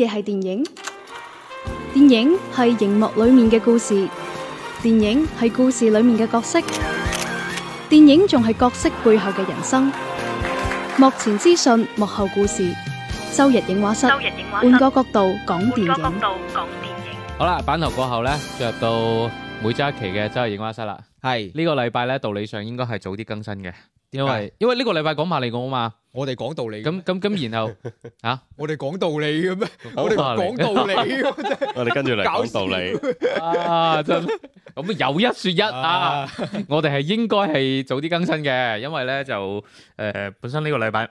嘢係電影，電影係熒幕裏面嘅故事，電影係故事裏面嘅角色，電影仲係角色背後嘅人生。幕前資訊，幕後故事。周日影畫室，換個角度講電影。好啦，版頭過後咧，進入到每週一期嘅周日影畫室啦。係呢個禮拜咧，道理上應該係早啲更新嘅，因為因為呢個禮拜講埋你個嘛。我哋講道理咁咁咁，然後吓、啊，我哋講道理嘅咩？我哋講道理，我哋跟住嚟講道理啊！真咁、 嗯、有一說一啊！ 我哋係應該係早啲更新嘅，因為咧就誒、呃、本身呢個禮拜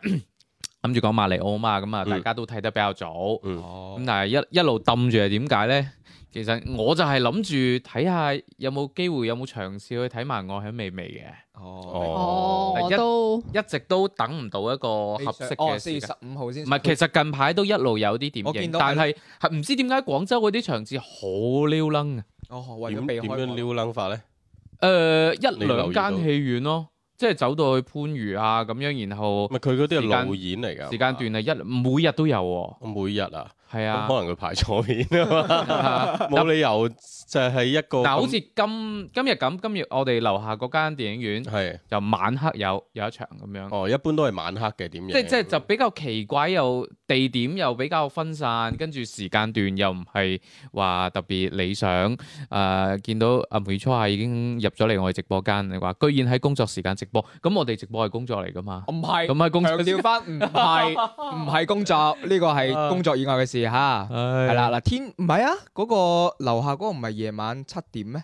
諗住講馬里奧啊嘛，咁啊大家都睇得比較早，咁、嗯嗯、但係一一路冧住係點解咧？其實我就係諗住睇下有冇機會，有冇嘗試去睇埋《愛很美味》嘅。哦，哦，一直都等唔到一個合適嘅時間。四十五號先。唔係，其實近排都一路有啲電影，但係唔知點解廣州嗰啲場次好撩楞啊！哦，為咗避開點樣溜楞法咧？誒，一兩間戲院咯，即係走到去番禺啊咁樣，然後咪佢嗰啲係路演嚟噶，時間段啊一每日都有喎。每日啊！係啊，可能佢排錯片啊嘛，冇理由就係一個。嗱，好似今今日咁，今日我哋樓下嗰間電影院係，就晚黑有有一場咁樣。哦，一般都係晚黑嘅點樣？即係即係就比較奇怪，又地點又比較分散，跟住時間段又唔係話特別理想。誒，見到阿梅初夏已經入咗嚟我哋直播間，你話居然喺工作時間直播。咁我哋直播係工作嚟噶嘛？唔係，咁喺工佢調翻唔係唔係工作，呢個係工作以外嘅事。係哈，係啦嗱，天唔係啊，嗰個樓下嗰個唔係夜晚七點咩？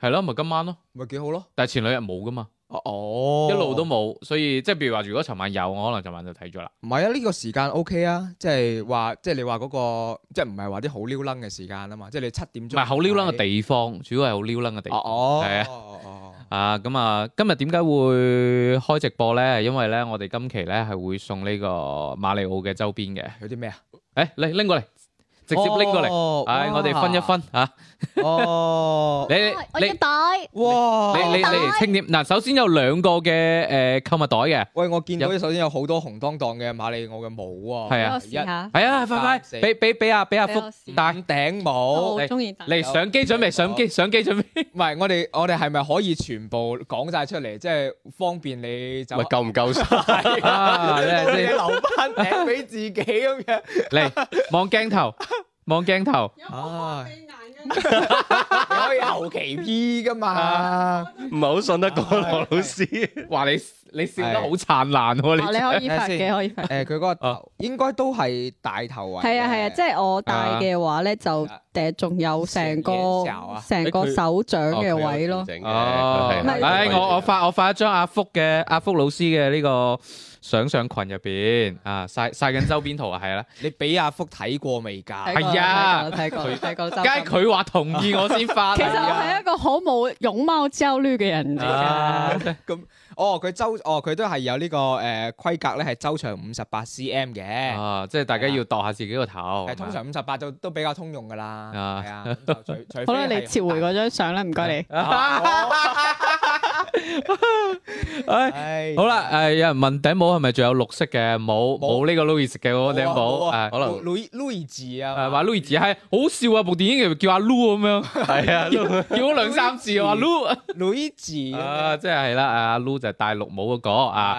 係咯，咪今晚咯，咪幾好咯。但係前兩日冇噶嘛，哦，一路都冇，所以即係，譬如話如果尋晚有，我可能尋晚就睇咗啦。唔係啊，呢個時間 O K 啊，即係話，即係你話嗰個，即係唔係話啲好撩楞嘅時間啊嘛，即係你七點鐘。唔係好撩楞嘅地方，的主要係好撩楞嘅地方。哦，係啊的，哦哦啊咁啊，今日點解會開直播咧？因為咧，我哋今期咧係會送呢個馬里奧嘅周邊嘅，有啲咩啊？誒、哎，來，扔過來。直接拎過嚟，哎，我哋分一分吓。哦，你你袋，哇，你你你嚟清點。嗱，首先有兩個嘅誒購物袋嘅。喂，我見到首先有好多紅當當嘅馬里奧嘅帽啊。係啊，係啊，快快，俾俾俾阿俾阿福頂頂帽。中意戴。嚟相機準備，相機相機準備。唔係，我哋我哋係咪可以全部講晒出嚟？即係方便你。唔係夠唔夠晒？你留翻頂俾自己咁樣。嚟望鏡頭。望鏡頭，有可有可以後期 P 嘅嘛？唔係好信得過羅老師，話你你笑得好燦爛，你可以發嘅，可以發。誒，佢嗰個頭應該都係大頭位。係啊係啊，即係我戴嘅話咧，就誒仲有成個成個手掌嘅位咯。哦，唔係，我我發我發一張阿福嘅阿福老師嘅呢個。上上群入邊啊晒晒緊周邊圖啊係啦，你俾阿福睇過未噶？係啊，睇過睇過周，梗係佢話同意我先發。其實我係一個好冇容貌焦慮嘅人啊。咁哦，佢周哦，佢都係有呢個誒規格咧，係周長五十八 cm 嘅。啊，即係大家要度下自己個頭。係通常五十八就都比較通用噶啦。啊，係啊。除非好啦，你撤回嗰張相啦，唔該你。唉，好啦，誒，有人問頂帽係咪仲有綠色嘅帽？冇呢個 Louis 嘅嗰頂帽，誒，可能。Louis Louis 字啊，係話 Louis 字係好笑啊！部電影叫阿 Lou 咁樣，係啊，叫咗兩三次話 Lou Louis 字啊，即係啦，阿 Lou 就戴綠帽嗰個啊，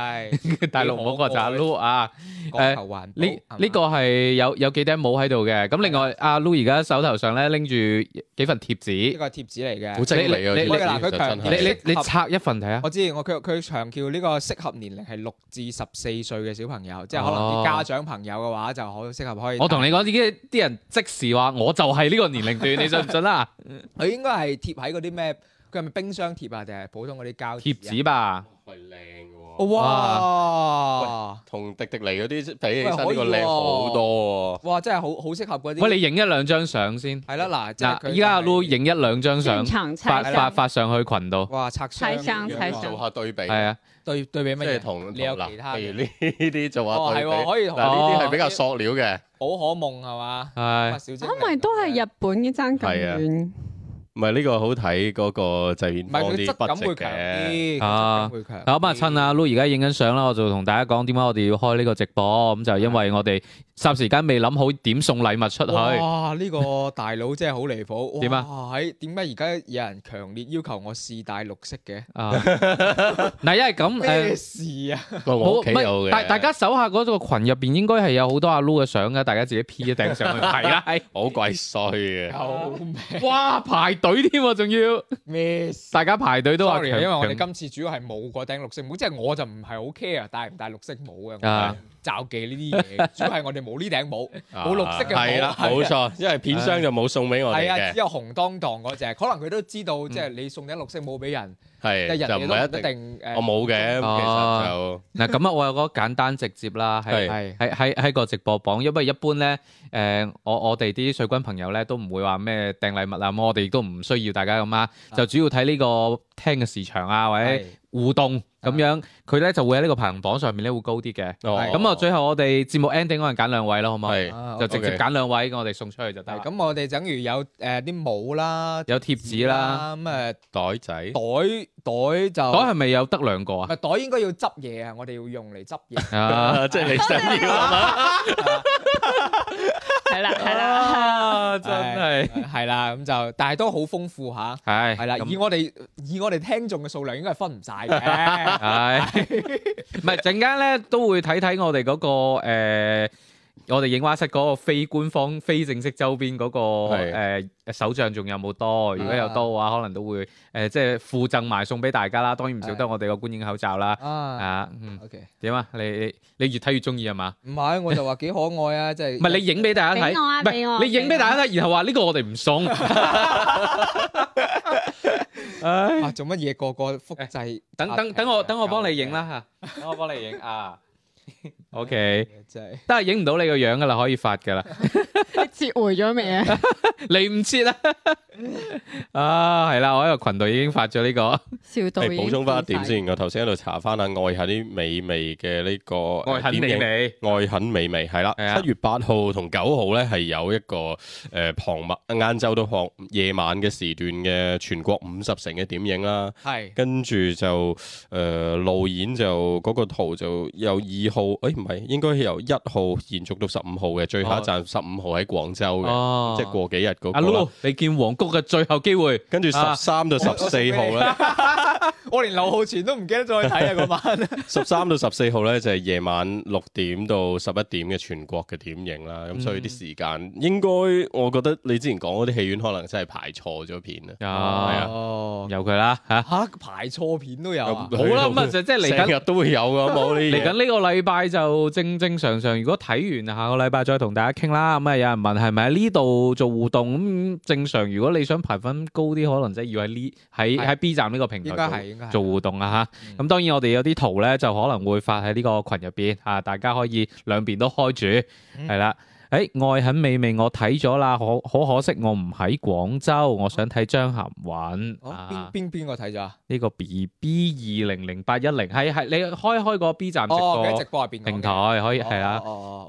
戴綠帽嗰個就阿 Lou 啊，誒，呢呢個係有有幾頂帽喺度嘅，咁另外阿 Lou 而家手頭上咧拎住幾份貼紙，呢個貼紙嚟嘅，好犀利啊！佢強，你你你拆一份。問題啊！我知，我佢佢強調呢個適合年齡係六至十四歲嘅小朋友，即係可能啲家長朋友嘅話就好適合可以。我同你講啲啲人即時話，我就係呢個年齡段，你信唔信啊？」佢 應該係貼喺嗰啲咩，佢係咪冰箱貼啊？定係普通嗰啲膠紙貼紙吧？哇！同迪迪尼嗰啲比起身呢個靚好多喎！哇！真係好好適合嗰啲。喂，你影一兩張相先。係啦，嗱，嗱，依家阿 Lu 影一兩張相，發發發上去群度。哇！拆相，做下對比。係啊，對對比乜嘢？同你有其他嘅，譬如呢啲就話對比。哦，係喎，可以同呢啲係比較塑料嘅。寶可夢係嘛？係。嚇咪都係日本嘅爭咁遠。唔係呢個好睇嗰個製片方啲質感會強啲啊。嗱，咁啊趁阿 Lu 而家影緊相啦，我就同大家講點解我哋要開呢個直播，咁就因為我哋霎時間未諗好點送禮物出去。哇！呢個大佬真係好離譜。點啊？喺點解而家有人強烈要求我試戴綠色嘅？啊，嗱，因係咁咩事啊？我屋大大家手下嗰個群入邊應該係有好多阿 Lu 嘅相噶，大家自己 P 一頂上去係啦。好鬼衰啊！哇！排。隊添啊，仲要咩？大家排隊都話，因為我哋今次主要係冇嗰頂綠色帽，即係我就唔係好 care 戴唔戴綠色帽嘅。啊，罩記呢啲嘢，主要係我哋冇呢頂帽，冇綠色嘅帽。係啦，冇錯，因為片商就冇送俾我哋嘅。係啊，只有紅當當嗰隻，可能佢都知道，即係你送頂綠色帽俾人，係就唔一定。我冇嘅，其實就嗱咁啊，我有個簡單直接啦，係係係喺個直播榜，因為一般咧。誒，我我哋啲水軍朋友咧都唔會話咩訂禮物啊，咁我哋亦都唔需要大家咁啦，就主要睇呢個聽嘅時長啊，或者互動咁樣，佢咧就會喺呢個排行榜上面咧會高啲嘅。咁啊，最後我哋節目 ending 可能揀兩位咯，好唔好？係，就直接揀兩位，我哋送出去就得。咁我哋等如有誒啲帽啦，有貼紙啦，咁誒袋仔，袋袋就袋係咪有得兩個啊？咪袋應該要執嘢啊，我哋要用嚟執嘢啊，即係你想要。係啦，係啦， 啊、 真係係啦，咁就，但係都好豐富吓，係係啦，以我哋那以我哋聽眾嘅數量應該，應該係分唔晒嘅，係， 唔係陣間咧都會睇睇我哋嗰、那個誒。呃我哋映畫室嗰個非官方、非正式周邊嗰個誒手像仲有冇多？如果有多嘅話，可能都會誒即係附贈埋送俾大家啦。當然唔少得我哋個觀影口罩啦。啊，嗯，OK，點啊？你你越睇越中意係嘛？唔係，我就話幾可愛啊！即係唔係你影俾大家睇，唔係你影俾大家睇，然後話呢個我哋唔送。哇！做乜嘢？個個複製？等等等我等我幫你影啦吓，等我幫你影啊！O K，都係影唔到你個樣噶啦，可以發噶啦。 你撤回咗未 撤啊？嚟唔切啦。啊，係啦，我喺個群度已經發咗呢、這個。補、欸、充翻一點先，我頭先喺度查翻下《愛啲美味、這個》嘅呢個美味、呃。愛很美味。係啦，七的月八號同九號咧係有一個誒傍晚晏晝都夜夜晚嘅時段嘅全國五十城嘅點映啦。係的，跟住就誒路、呃、演就嗰、那個圖就有二號。誒唔係，應該係由一號延續到十五號嘅，最後一站十五號喺廣州嘅，啊、即係過幾日嗰個阿露。你見黃菊嘅最後機會，跟住十三到十四號咧、啊。 我連劉浩存都唔記得再睇啊！嗰、那個、晚十三 到十四號咧，就係、是、夜晚六點到十一點嘅全國嘅點映啦。咁、嗯、所以啲時間應該，我覺得你之前講嗰啲戲院可能真係排錯咗片啊！有，有佢啦嚇，排錯片都有、啊。是是好啦、啊，咁、嗯、啊就即係嚟緊日都會有噶，冇嚟緊呢個禮拜就正正常常。如果睇完下個禮拜再同大家傾啦。咁啊有人問係咪喺呢度做互動，咁正常。如果你想排分高啲，可能即係要喺呢喺喺 B 站呢個平台。做互動啊吓，咁、嗯、當然我哋有啲圖咧，就可能會發喺呢個群入邊啊，大家可以兩邊都開住係啦。誒、嗯，愛美美很美味，我睇咗啦，可好可惜我唔喺廣州，我想睇張含韻。邊邊、哦、個睇咗呢個 B B 二零零八一零係係你開開個 B 站直播，哦，直播入邊平台可以係啦。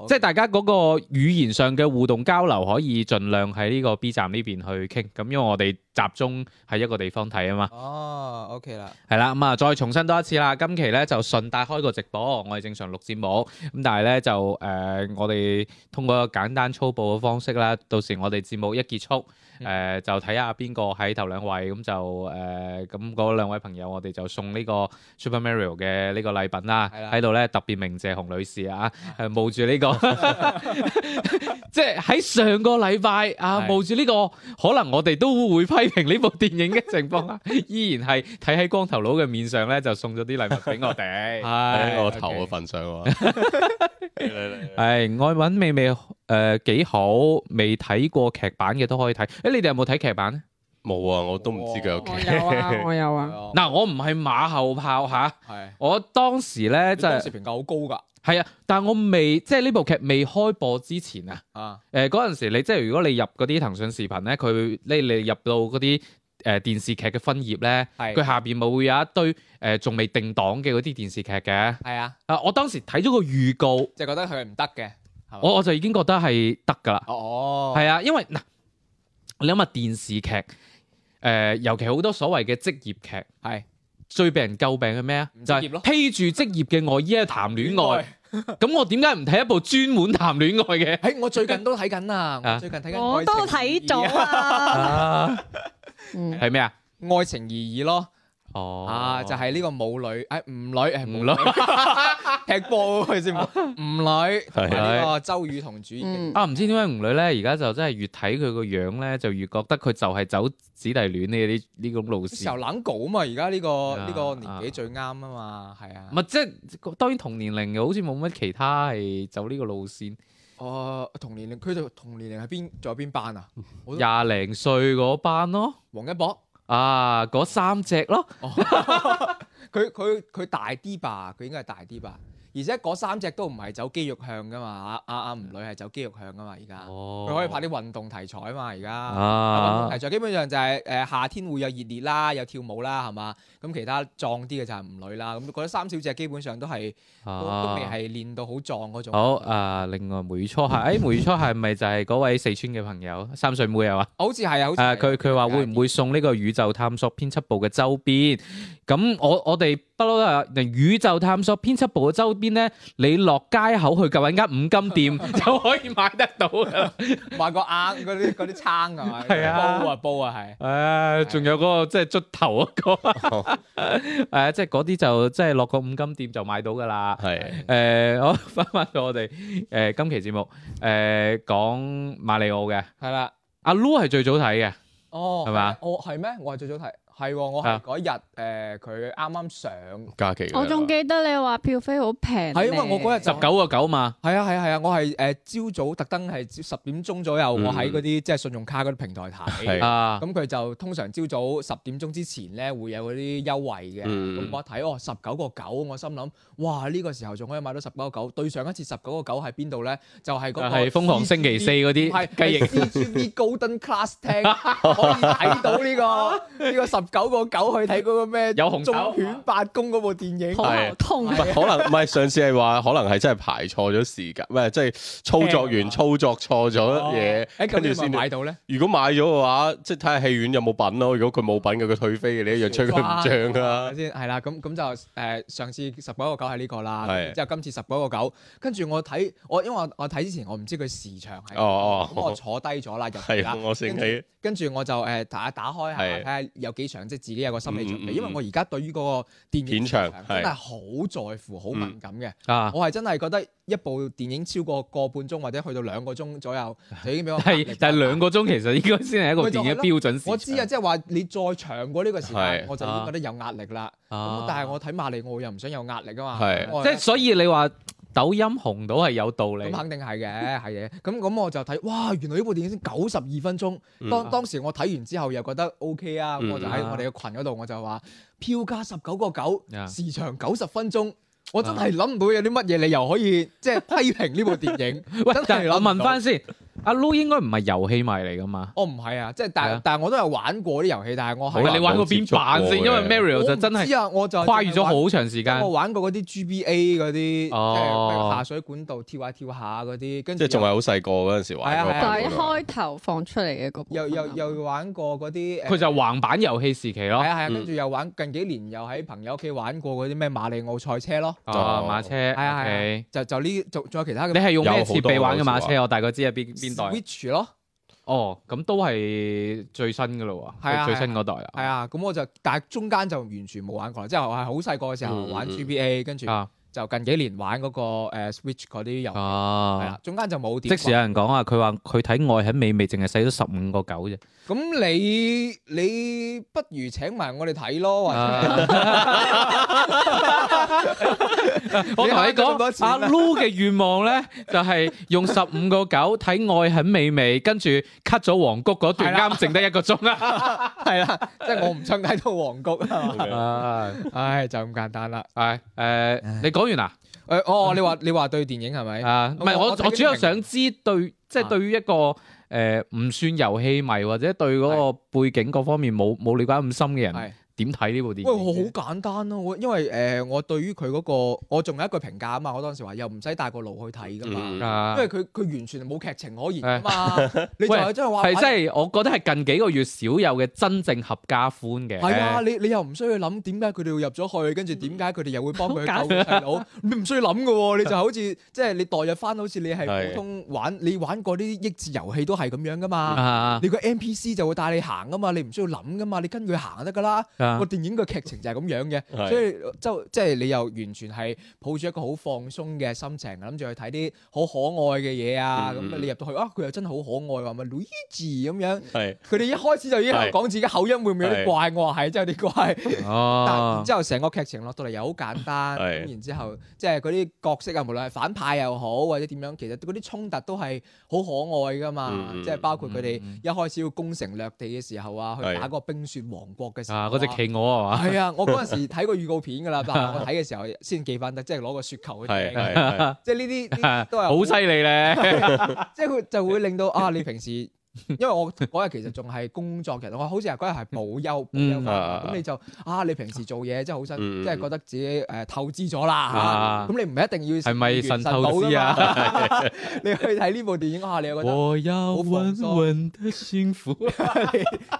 即係大家嗰個語言上嘅互動交流，可以盡量喺呢個 B 站呢邊去傾。咁因為我哋。集中喺一個地方睇啊嘛。哦，OK 啦。係啦，咁、嗯、啊，再重新多一次啦。今期咧就順帶開個直播，我哋正常錄節目，咁但係咧就誒、呃，我哋通過簡單粗暴嘅方式啦。到時我哋節目一結束。誒，就睇下邊個喺頭兩位，咁就誒，咁嗰兩位朋友，我哋就送呢個 Super Mario 嘅呢個禮品啦，喺度咧特別鳴謝洪女士啊，係冒住呢個，即係喺上個禮拜啊冒住呢個，可能我哋都會批評呢部電影嘅情況啦，依然係睇喺光頭佬嘅面上咧就送咗啲禮物俾我哋，喺我頭嘅份上喎，係愛揾美美。誒，幾、呃、好，未睇過劇版嘅都可以睇。誒，你哋有冇睇劇版咧？冇啊，我都唔知佢有劇。我有啊，我有啊。嗱、 啊，我唔係馬後炮吓。係、啊。的我當時咧就係。騰訊視頻嘅評價好高噶。係啊，但係我未，即係呢部劇未開播之前啊。啊、呃。誒，嗰陣時你即係如果你入嗰啲騰訊視頻咧，佢呢你入到嗰啲誒電視劇嘅分頁咧，佢的下邊咪會有一堆誒、呃、仲未定檔嘅嗰啲電視劇嘅。係啊的。的啊，我當時睇咗個預告，就覺得佢係唔得嘅。我我就已經覺得係得㗎喇，係啊，因為嗱，你諗下電視劇，誒、呃，尤其好多所謂嘅職業劇，係是最被人詬病嘅咩啊？就係披住職業嘅外衣咧談戀愛，咁應該 我點解唔睇一部專門談戀愛嘅？誒、欸，我最近都睇緊啊，最近睇緊，我都睇咗啊，係咩啊？愛情而已咯。哦，啊，就係、是、呢個舞女，誒、哎、吳女，誒、哎、吳女，女 踢波佢先，吳、啊、女同呢個周雨彤主演。是是是嗯、啊，唔知點解吳女咧，而家就真係越睇佢個樣咧，就越覺得佢就係走姊弟戀呢啲呢種路線。由冷稿啊嘛，而家呢個呢個年紀最啱啊嘛，係啊。唔即係當然同年齡又好似冇乜其他係走呢個路線。哦，同年齡，佢就同年齡係邊？仲有邊班啊？廿零歲嗰班咯，王一博。啊！嗰三隻咯，佢佢佢大啲吧？佢應該係大啲吧？而且嗰三隻都唔係走肌肉向噶嘛，阿阿阿吳女係走肌肉向噶嘛，而家佢可以拍啲運動題材啊嘛，而家運動題材基本上就係誒夏天會有熱烈啦，有跳舞啦，係嘛？咁其他壯啲嘅就係吳女啦，咁覺得三小隻基本上都係、啊、都，都未係練到好壯嗰種。好、哦、啊，另外梅雨初夏，誒、 哎、梅雨初夏咪就係嗰位四川嘅朋友三歲妹啊？好似係啊，好似係。誒佢佢話會唔會送呢個宇宙探索編輯部嘅周邊？咁我我哋不嬲都係，宇宙探索編輯部嘅周邊。邊咧？你落街口去揀間五金店就可以買得到噶啦，買個硬嗰啲嗰啲撐啊，煲啊煲啊，係。誒，仲有嗰個即係鑿頭嗰個，誒，即係嗰啲就即係落個五金店就買到噶啦。係。誒，我翻返到我哋誒今期節目誒講馬里奧嘅，係啦。阿 Lou 係最早睇嘅，係嘛？我係咩？我係最早睇。係喎，我係嗰日誒佢啱啱上假期。我仲記得你話票飛好平。係因為我嗰日十九個九嘛。係啊係啊係啊，我係誒朝早特登係十點鐘左右，嗯、我喺嗰啲即係信用卡嗰啲平台睇。係咁佢就通常朝早十點鐘之前咧，會有嗰啲優惠嘅。咁、嗯、我睇哦，十九個九，我心諗哇，呢、這個時候仲可以買到十九個九？對上一次十九個九係邊度咧？就係、是、嗰個瘋狂星期四嗰啲。係雞翼。CGV Golden Class 可以睇到呢、這個呢、這個十。九個九去睇嗰個咩，有忠犬八公嗰部電影。可能唔係上次係話，可能係真係排錯咗時間，喂，即係操作完操作錯咗嘢，跟住先買到咧。如果買咗嘅話，即係睇下戲院有冇品咯。如果佢冇品嘅，佢退飛嘅，你一樣吹佢唔脹㗎啦。先係啦，咁咁就誒上次十九個九係呢個啦，之後是今次十九個九，跟住我睇我因為我睇之前我唔知佢時長係，咁、哦哦、我坐低咗啦，係啦、哦了啊，我先係，跟住我就誒打打開下，睇下有幾長。即係自己有個心理準備，因為我而家對於嗰個電影場真係好在乎、好敏感嘅。嗯啊、我係真係覺得一部電影超過個半鐘或者去到兩個鐘左右就已經俾我。係，但係兩個鐘其實應該先係一個電影標準時。我知啊，即係話你再長過呢個時間，是我就會覺得有壓力啦。啊啊、但係我睇馬里奧，我又唔想有壓力啊嘛。即係所以你話。抖音紅到係有道理，咁肯定係嘅，係嘅。 咁咁我就睇，哇！原來呢部電影先九十二分鐘。當當時我睇完之後又覺得 OK 啊，嗯、啊我就喺我哋嘅群嗰度我就話：票價十九個九，時長九十分鐘，我真係諗唔到有啲乜嘢理由可以 即係批評呢部電影。 喂，我問翻先。阿 Lu 應該唔係遊戲迷嚟㗎嘛？我唔係啊，即係但係但係我都有玩過啲遊戲，但係我係你玩過邊版先？因為 Mario 就真係我知啊，我就跨越咗好長時間。有冇玩過嗰啲 GBA 嗰啲，即係下水管道跳下跳下嗰啲？跟住即係仲係好細個嗰陣時玩。係啊，第一開頭放出嚟嘅個。又又又玩過嗰啲。佢就橫版遊戲時期咯。係啊係啊，跟住又玩近幾年又喺朋友屋企玩過嗰啲咩馬里奧賽車咯。哦，馬車。係啊係啊，就就呢，仲仲有其他嘅。你係用咩設備玩嘅馬車？我大概知係邊邊。Switch 咯，哦，咁都係最新噶咯喎，係、啊、最新嗰代啊，係啊，咁我就，但係中間就完全冇玩過，即係我係好細個嘅時候玩 GBA、嗯、跟住。就近幾年玩嗰個誒 Switch 嗰啲遊戲係啦，中間就冇點。即時有人講啊，佢話佢睇愛很美味，淨係使咗十五個九啫。咁你你不如請埋我哋睇咯，或者我同你講。阿 Lu 嘅願望咧，就係用十五個九睇愛很美味，跟住 cut 咗黃菊嗰段，啱整得一個鐘啦。係啦，即係我唔想睇到黃菊。啊，唉就咁簡單啦。係誒，你講。講完啦？誒，哦，你話你話對電影係咪？啊、嗯，唔係，我我，我，我主要想知對，即係、啊、對於一個誒唔、呃、算遊戲迷或者對嗰個背景各方面冇冇瞭解咁深嘅人，點睇呢部電影？喂，我好簡單咯、啊，我因為誒、呃，我對於佢嗰個，我仲有一句評價啊嘛，我當時話又唔使帶個腦去睇噶嘛，嗯啊、因為佢佢完全冇劇情可言啊嘛，欸、你就係真係話係真係，我覺得係近幾個月少有嘅真正合家歡嘅。係啊，你你又唔需要諗點解佢哋會入咗去，跟住點解佢哋又會幫佢救細佬？嗯啊、你唔需要諗噶、啊，你就好似 即係你代入翻，好似你係普通玩，你玩過呢啲益智遊戲都係咁樣噶嘛，嗯、你個 NPC 就會帶你行噶嘛，你唔需要諗噶嘛，你跟佢行得噶啦。個電影個劇情就係咁樣嘅，是所以即即係你又完全係抱住一個好放鬆嘅心情，諗住去睇啲好可愛嘅嘢啊！咁、嗯、你入到去，哇、啊，佢又真係好可愛，話乜 Louis 咁樣，佢哋一開始就已經講自己口音會唔會有啲怪、怪？我話係真係有啲怪，啊、但之後成個劇情落到嚟又好簡單，是然後之後即係嗰啲角色啊，無論係反派又好或者點樣，其實嗰啲衝突都係好可愛㗎嘛！即係、嗯、包括佢哋一開始要攻城略地嘅時候啊，去打嗰個冰雪王國嘅時候、啊。企鵝啊嘛，係啊！我嗰陣時睇過預告片㗎啦，但係我睇嘅時候先記翻得，即係攞個雪球去睇， 啊啊、即係 呢啲都係好犀利咧， 即係佢就會令到啊！你平時～因為我嗰日其實仲係工作嘅，其實我好似嗰日係補休，補休返咁你就啊，你平時做嘢真係好辛苦，即係覺得自己誒透支咗啦吓，咁、呃、你唔係一定要係咪腎透支啊？ 你去睇呢部電影下，你有覺得好放鬆？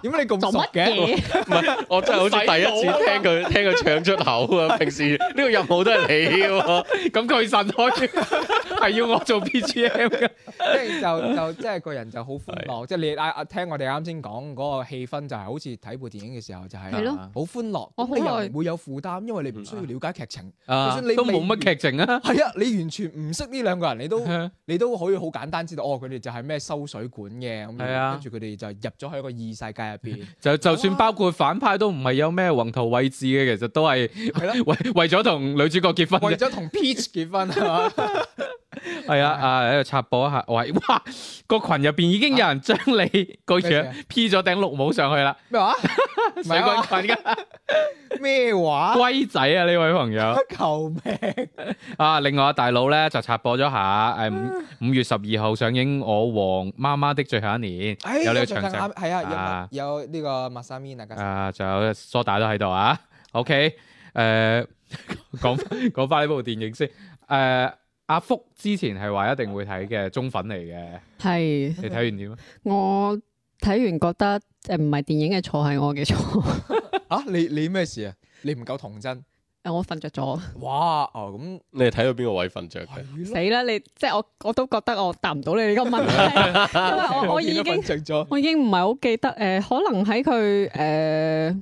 點解 你咁熟嘅？唔係 我真係好似第一次聽佢聽佢唱出口啊！平時呢個任務都係你啊，咁佢神開係 要我做 BGM 嘅，即係就就即係、 就是、個人就好歡樂。 即係你啊！聽我哋啱先講嗰個氣氛就係好似睇部電影嘅時候，就係好、啊、歡樂，你又唔會有負擔，因為你唔需要了解劇情。嗯、啊，就算你都冇乜劇情啊！係啊，你完全唔識呢兩個人，你都、啊、你都可以好簡單知道。哦，佢哋就係咩修水管嘅咁樣，跟住佢哋就入咗喺個異世界入邊。就、啊、就算包括反派都唔係有咩宏圖偉誌嘅，其實都係係咯，為為咗同女主角結婚，為咗同 Peach 結婚啊！ 係啊，啊喺度插播一下，我話哇，個群入邊已經有人將你個樣 P 咗頂綠帽上去啦。咩話？唔係個群噶咩話？龜仔啊，呢位朋友救命啊！另外大佬咧就插播咗下，誒，五月十二號上映《我王媽媽的最後一年》，有呢個場，係啊，有呢個麥莎煙啊，啊，仲有梳打都喺度啊。OK，誒，講講翻呢部電影先，誒。阿福之前係話一定會睇嘅中粉嚟嘅，係你睇完點？我睇完覺得，誒唔係電影嘅錯，係我嘅錯啊！你你咩事啊？你唔夠童真誒！我瞓着咗哇哦！咁你係睇到邊個位瞓着嘅？死啦！你即係我我都覺得我答唔到你呢個問題，因為我我已經着咗，我已經唔係好記得誒，可能喺佢誒。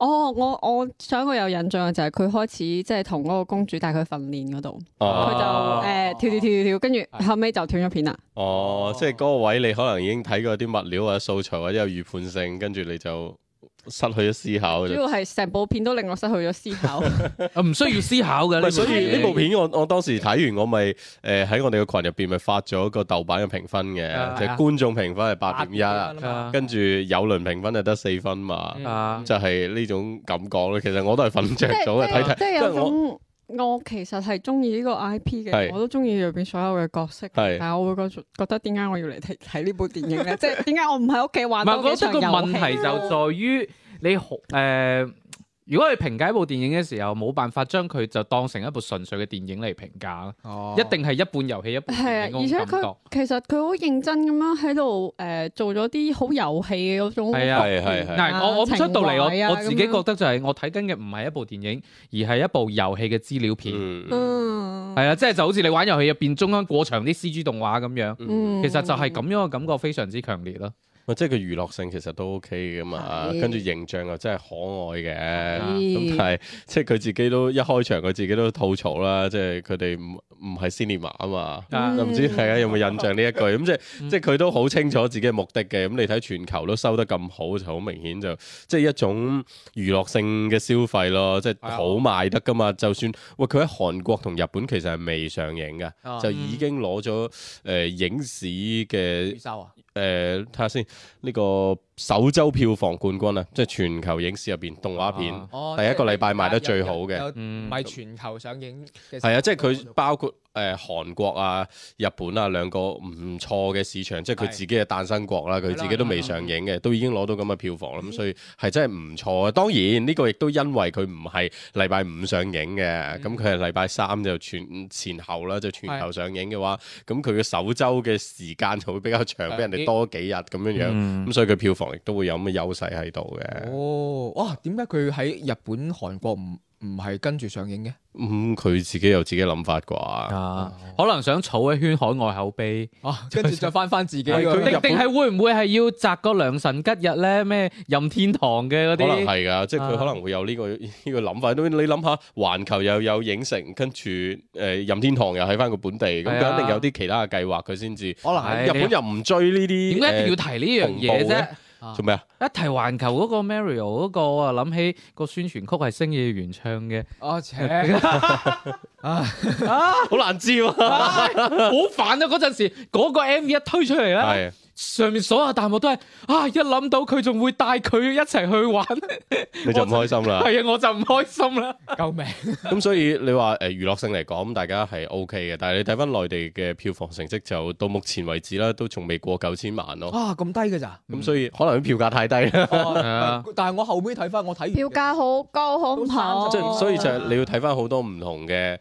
哦、oh，我我想我有印象嘅就係佢開始即係同嗰個公主帶佢訓練嗰度，佢、oh. 就誒、欸、跳跳跳跳跳，跟住後尾就斷咗片啦。哦，oh, 即係嗰個位你可能已經睇過啲物料或者素材或者有預判性，跟住你就。失去咗思考，主要係成部片都令我失去咗思考，唔 需要思考嘅。 唔係，所以呢部片我我當時睇完我咪，誒、呃、喺我哋嘅群入邊咪發咗個豆瓣嘅評分嘅，啊、就觀眾評分係八點一，跟住有輪評分就得四分嘛，啊、就係呢種感覺咯。其實我都係瞓着咗，嘅睇睇即係我。我其實係中意呢個 IP 嘅，是我都中意入邊所有嘅角色，是但係我會覺得得點解我要嚟睇睇呢部電影咧？ 即係點解我唔喺屋企玩多場遊戲？唔係，我覺得個問題就在於你好誒。呃如果你評價一部電影嘅時候，冇辦法將佢就當成一部純粹嘅電影嚟評價，哦、一定係一半遊戲一半電影嗰個感覺。係啊，而且佢其實佢好認真咁樣喺度誒做咗啲好遊戲嘅嗰種伏筆啊、情懷啊咁樣。我我出到嚟，我我自己覺得就係我睇緊嘅唔係一部電影，而係一部遊戲嘅資料片。嗯，係啊，即係就好似你玩遊戲入邊中央過場啲 CG 動畫咁樣，嗯嗯、其實就係咁樣嘅感覺非常之強烈啦。即係佢娛樂性其實都 OK 嘅嘛，跟住形象又真係可愛嘅，咁、啊嗯、但係即係佢自己都一開場，佢自己都吐槽啦、啊，即係佢哋唔唔係 Cinema 啊嘛，唔、啊嗯啊、知係啊有冇印象呢一句咁即係、嗯、即係佢都好清楚自己嘅目的嘅，咁、呃、你睇全球都收得咁好，就好明顯就即係一種娛樂性嘅消費咯，即係好賣得㗎嘛，啊、就算喂佢喺韓國同日本其實係未上映嘅，嗯、就已經攞咗誒影史嘅收啊。嗯誒，睇下先，呢個。首周票房冠軍啊，即係全球影史入邊動畫片第一個禮拜賣得最好嘅，唔係全球上映。係啊，即係佢包括誒韓國啊、日本啊兩個唔錯嘅市場，即係佢自己嘅誕生國啦，佢自己都未上映嘅，都已經攞到咁嘅票房啦，咁，所以係真係唔錯啊。當然呢個亦都因為佢唔係禮拜五上映嘅，咁佢係禮拜三就全前後啦，就全球上映嘅話，咁佢嘅首周嘅時間就會比較長，比人哋多幾日咁樣樣，咁所以佢票房。亦都會有咩優勢喺度嘅。哦，哇，點解佢喺日本、韓國唔唔係跟住上映嘅？咁佢自己有自己嘅諗法啩。啊，可能想儲一圈海外口碑，跟住再翻翻自己。定定係會唔會係要摘個良辰吉日咧？咩任天堂嘅啲？可能係㗎，即係佢可能會有呢個呢個諗法。你諗下，環球又有影城，跟住誒任天堂又喺翻個本地，咁佢一定有啲其他嘅計劃，佢先至。可能日本又唔追呢啲。點解一定要提呢樣嘢啫？做咩啊？一提環球嗰個 Mario 嗰、嗰個，我諗起個宣傳曲係星爺原唱嘅。哦，請，好難知，好煩啊！嗰陣時嗰個 MV 一推出嚟啊。對上面所有彈幕都係啊！一諗到佢仲會帶佢一齊去玩，你就唔開心啦。係啊 就， 我就唔開心啦。救命！咁所以你話誒、呃、娛樂性嚟講，大家係 OK 嘅。但係你睇翻內地嘅票房成績，就到目前為止啦，都仲未過九千萬咯。啊，咁低嘅咋？咁所以、嗯、可能啲票價太低啦、啊 啊。但係我後尾睇翻，我睇票價好高好唔平。即係所以就係你要睇翻好多唔同嘅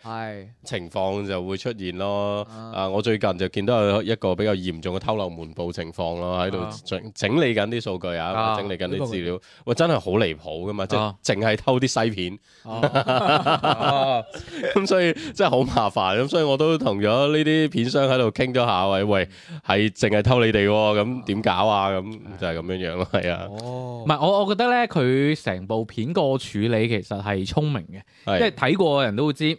情況就會出現咯。是啊！我最近就見到一個比較嚴重嘅偷漏門報情況。放咯喺度整理緊啲數據啊，整理緊啲資料，我真係好離譜噶嘛，即係淨係偷啲西片，咁所以真係好麻煩，咁所以我都同咗呢啲片商喺度傾咗下喂喂，係淨係偷你哋咁點搞啊？咁就係咁樣樣咯，係啊。唔係我我覺得咧，佢成部片個處理其實係聰明嘅，即係睇過人都會知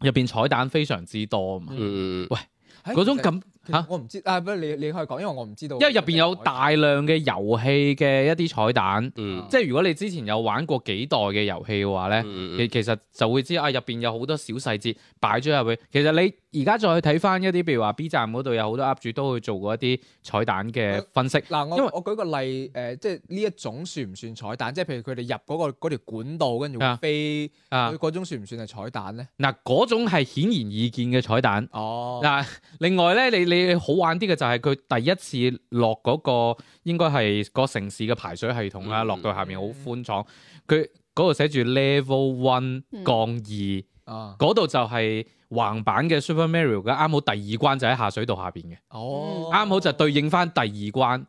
入邊彩蛋非常之多啊嘛。嗯，喂，嗰種咁。嚇！我唔知，啊，啊不你你可以講，因為我唔知道。因為入邊有大量嘅遊戲嘅一啲彩蛋，嗯、即係如果你之前有玩過幾代嘅遊戲嘅話咧，其、嗯、其實就會知啊入邊有好多小細節擺咗入去。其實你。而家再去睇翻一啲，譬如話 B 站嗰度有好多 up 主都會做過一啲彩蛋嘅分析。嗱，我因為我舉個例，誒，即係呢一種算唔算彩蛋？即係譬如佢哋入嗰個嗰條管道，跟住飛，佢嗰種算唔算係彩蛋咧？嗱，嗰種係顯然易見嘅彩蛋。哦。嗱，另外咧，你你好玩啲嘅就係佢第一次落嗰個，應該係個城市嘅排水系統啦，落到下面好寬敞。佢嗰度寫住 level one 槓二，嗰度就係。橫版嘅 Super Mario 嘅，啱好第二關就喺下水道下邊嘅，啱好、哦、就對應翻第二關，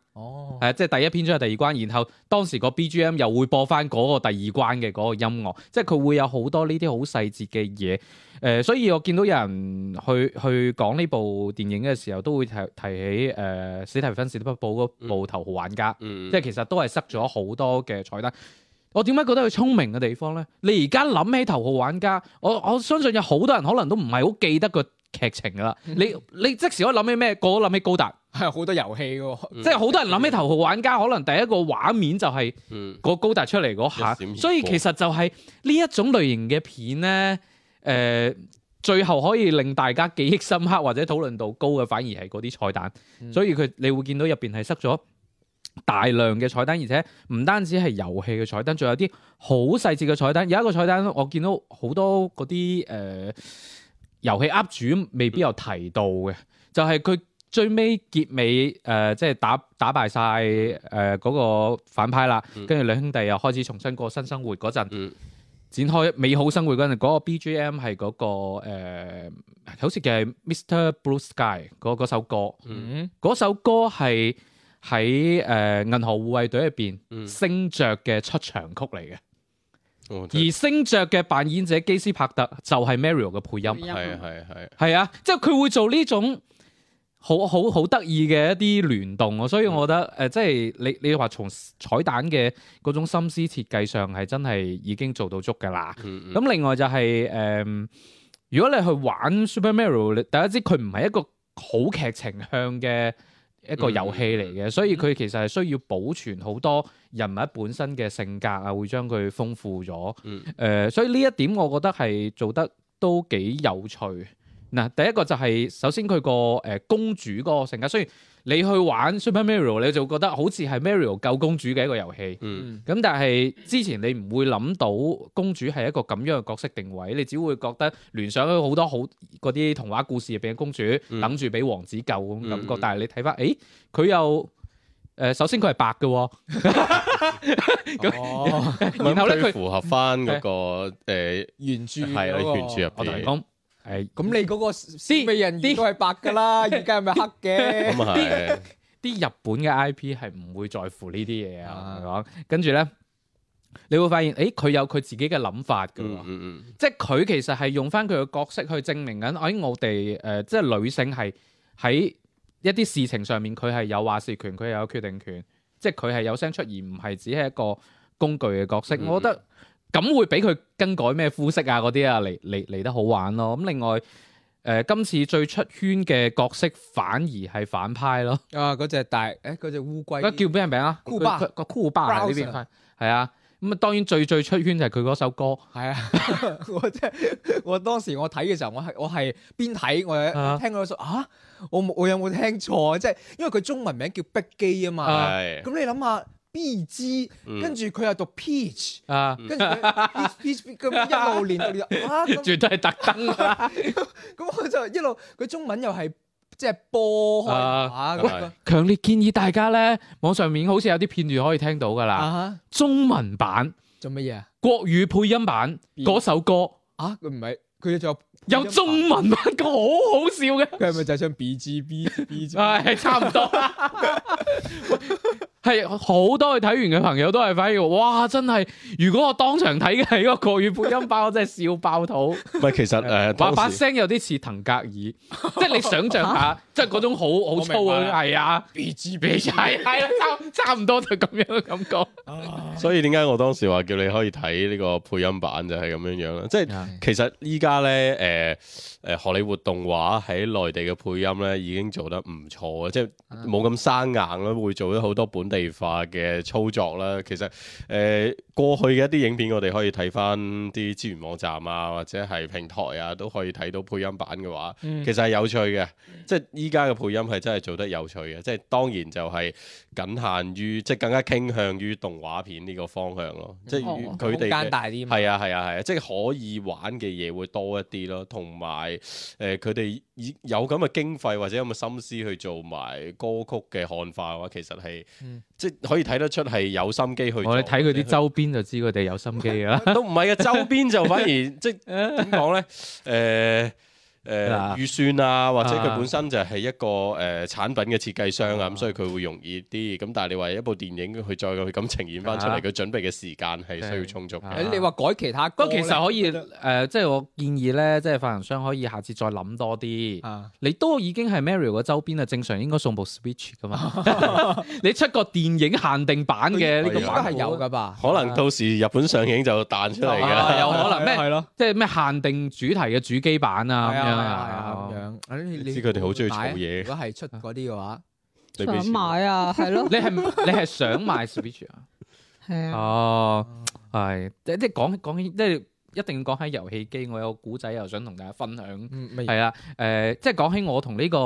係即係第一篇章第二關，然後當時個 BGM 又會播翻嗰個第二關嘅嗰個音樂，即係佢會有好多呢啲好細節嘅嘢，誒、呃，所以我見到有人去去講呢部電影嘅時候，都會提提起誒、呃史提芬史匹堡嗰部《頭號玩家》，嗯、即係其實都係塞咗好多嘅彩蛋。我點解覺得佢聰明嘅地方咧？你而家諗起頭號玩家，我我相信有好多人可能都唔係好記得個劇情噶啦。 你你即時可以諗起咩？個諗起高達係好 多遊戲喎，嗯、即係好多人諗起頭號玩家，可能第一個畫面就係個高達出嚟嗰下。嗯、所以其實就係呢一種類型嘅片咧，誒、呃，最後可以令大家記憶深刻或者討論度高嘅，反而係嗰啲彩蛋。所以佢你會見到入邊係塞咗，大量嘅彩蛋，而且唔單止係遊戲嘅彩蛋，仲有啲好細節嘅彩蛋。有一個彩蛋，我見到好多嗰啲誒遊戲 up 主未必有提到嘅、嗯呃，就係佢最尾結尾誒，即係打打敗晒誒嗰個反派啦，跟住兩兄弟又開始重新過新生活嗰陣，嗯、展開美好生活嗰陣，嗰、那個 BGM 係嗰、那個誒、呃，好似叫 Mr Blue Sky 嗰首歌，嗰、嗯嗯、首歌係。喺誒《銀河護衛隊》入、呃、邊，星爵嘅出場曲嚟嘅，哦、而星爵嘅扮演者基斯帕特就係 Mario 嘅配音，係係係係啊！即係佢會做呢種好好好得意嘅一啲聯動啊！所以我覺得誒、嗯呃，即係你你話從彩蛋嘅嗰種心思設計上係真係已經做到足噶啦。咁、嗯嗯、另外就係、是、誒、呃，如果你去玩 Super Mario，你大家知佢唔係一個好劇情向嘅。一個遊戲嚟嘅，嗯、所以佢其實係需要保存好多人物本身嘅性格啊，會將佢豐富咗。誒、嗯呃，所以呢一點我覺得係做得都幾有趣。嗱，第一個就係首先佢個誒公主嗰個性格，雖然。你去玩 Super Mario 你就覺得好似係 Mario 救公主嘅一個遊戲，咁、嗯、但係之前你唔會諗到公主係一個咁樣嘅角色定位，你只會覺得聯想好多好嗰啲童話故事入邊嘅公主等住俾王子救咁感覺。嗯、但係你睇翻，誒佢又誒、呃、首先佢係白嘅、哦，咁、 哦、 然後咧呢佢符合翻、那、嗰個原著係啊、那個、原著入邊。誒，咁、嗯、你嗰先美人魚，都係白噶啦，而家係咪黑嘅？啲啲日本嘅 I P 係唔會在乎呢啲嘢啊？跟住呢，你會發現誒，佢、欸、有佢自己嘅諗法噶，嗯嗯嗯即係佢其實係用翻佢嘅角色去證明緊，我哋誒，即係女性係喺一啲事情上面，佢係有話事權，佢係有決定權，即係佢係有聲出，而唔係只係一個工具嘅角色。嗯、我覺得。咁會俾佢更改咩膚色啊？嗰啲啊，嚟嚟嚟得好玩咯。咁另外，誒、呃、今次最出圈嘅角色反而係反派咯。啊，嗰、那、隻、個、大誒，隻、欸那個、烏龜。叫咩名啊？酷巴，個酷巴啊！呢邊係啊。咁啊，當然最最出圈就係佢嗰首歌。係啊，我即係我當時我睇嘅時候，我係我係邊睇我聽嗰首啊？我我有冇聽錯？即係因為佢中文名叫碧琪啊嘛。係、哎。咁你諗下？B G，跟住佢又讀 Peach，啊，跟住佢咁一路連到你，哇，全部都係特登，咁我就一路，佢中文又係即係播，強烈建議大家咧，網上面好似有啲片段可以聽到噶啦，uh huh. 中文版，做乜嘢啊？國語配音版嗰首歌，啊，佢唔係，佢仲有，有中文版，個好、 嗯、好笑嘅 哈哈笑，佢係咪就係唱 B G B B？係，差唔多。係好多去睇完嘅朋友都係反而話：哇！真係，如果我當場睇嘅係一個國語配音版，我真係笑爆肚。唔係，其實誒，把聲有啲似騰格爾，即係你想象下，即係嗰種好好粗嘅係啊，BG BG，係係差唔多就咁樣嘅感覺。所以點解我當時話叫你可以睇呢個配音版就係咁樣樣啦。即係其實依家咧誒誒荷里活動畫喺內地嘅配音咧已經做得唔錯嘅，即係冇咁生硬咯，會做咗好多本地化嘅操作啦，其實誒。呃過去嘅一啲影片，我哋可以睇翻啲資源網站啊，或者係平台啊，都可以睇到配音版嘅話，其實係有趣嘅。嗯、即係依家嘅配音係真係做得有趣嘅。即係當然就係僅限於，即係更加傾向於動畫片呢個方向咯。嗯、即係佢哋間大啲係啊係啊係啊，啊，啊，即係可以玩嘅嘢會多一啲咯。同埋誒，佢、呃、哋有咁嘅經費或者咁嘅心思去做埋歌曲嘅漢化嘅話，其實係、嗯、即係可以睇得出係有心機去做。睇佢啲周邊。就知佢哋有心機㗎啦， 都唔係嘅，周邊就反而 即點講咧？誒。呃誒預算啊，或者佢本身就係一個誒產品嘅設計商啊，咁所以佢會容易啲。咁但係你話一部電影佢再咁呈現翻出嚟，佢準備嘅時間係需要充足嘅。你話改其他，不過其實可以誒，即係我建議咧，即係發行商可以下次再諗多啲。你都已經係 Mario 嘅周邊啊，正常應該送部 Switch 㗎嘛。你出個電影限定版嘅呢個版係有㗎吧？可能到時日本上映就彈出嚟嘅，有可能咩？即係咩限定主題嘅主機版啊？係啊，咁樣，知佢哋好中意做嘢。如果係出嗰啲嘅話，想買啊，係咯。你係你係想買 Switch 啊？係啊。哦，係，即係講講起，即係一定要講起遊戲機。我有個古仔又想同大家分享，係啦。誒，即係講起我同呢個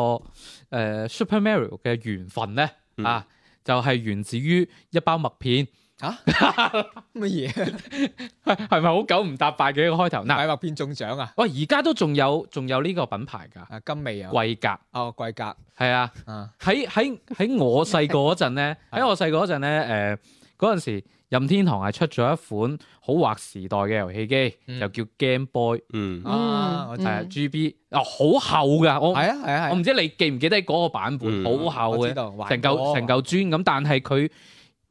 誒 Super Mario 嘅緣分咧，啊，就係源自於一包麥片。吓，乜嘢？係咪好九唔搭八嘅一個開頭？嗱，係咪變中獎啊？喂，而家都仲有仲有呢個品牌噶？啊，金味啊，桂格哦，桂格係啊，喺喺喺我細個嗰陣咧，喺我細個嗰陣咧，誒，嗰陣時任天堂係出咗一款好劃時代嘅遊戲機，就叫 Game Boy，嗯啊，我睇下 GB 啊，好厚噶，我係啊係啊係，我唔知你記唔記得嗰個版本好厚嘅，成嚿成嚿磚咁，但係佢。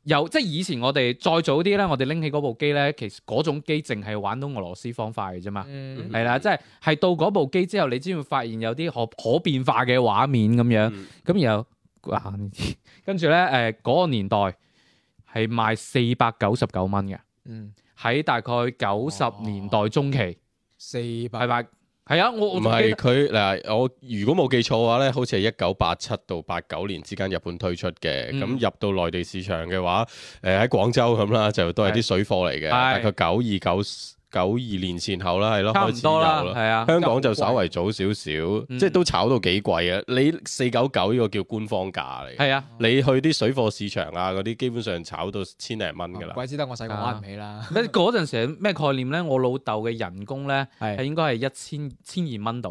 有即係以前我哋再早啲咧，我哋拎起嗰部機咧，其實嗰種機淨係玩到俄羅斯方塊嘅啫嘛，係啦、mm hmm.，即係係到嗰部機之後，你先會發現有啲可可變化嘅畫面咁樣，咁然後跟住咧，誒，嗰個年代係賣四百九十九蚊嘅，嗯、mm，喺、hmm. 大概九十年代中期，四百、哦。係啊，我唔係佢嗱，我如果冇記錯嘅話咧，好似係一九八七到八九年之間日本推出嘅。咁、嗯、入到內地市場嘅話，誒、呃、喺廣州咁啦，就都係啲水貨嚟嘅，大概九二九。九二年前後啦，係咯，開始有啦，係啊。香港就稍微早少少，即係都炒到幾貴啊！你四九九呢個叫官方價嚟，係啊！你去啲水貨市場啊，嗰啲基本上炒到千零蚊噶啦。鬼知道我細個玩唔起啦！咩嗰陣時咩概念咧？我老豆嘅人工咧係是應該係一千千二蚊到，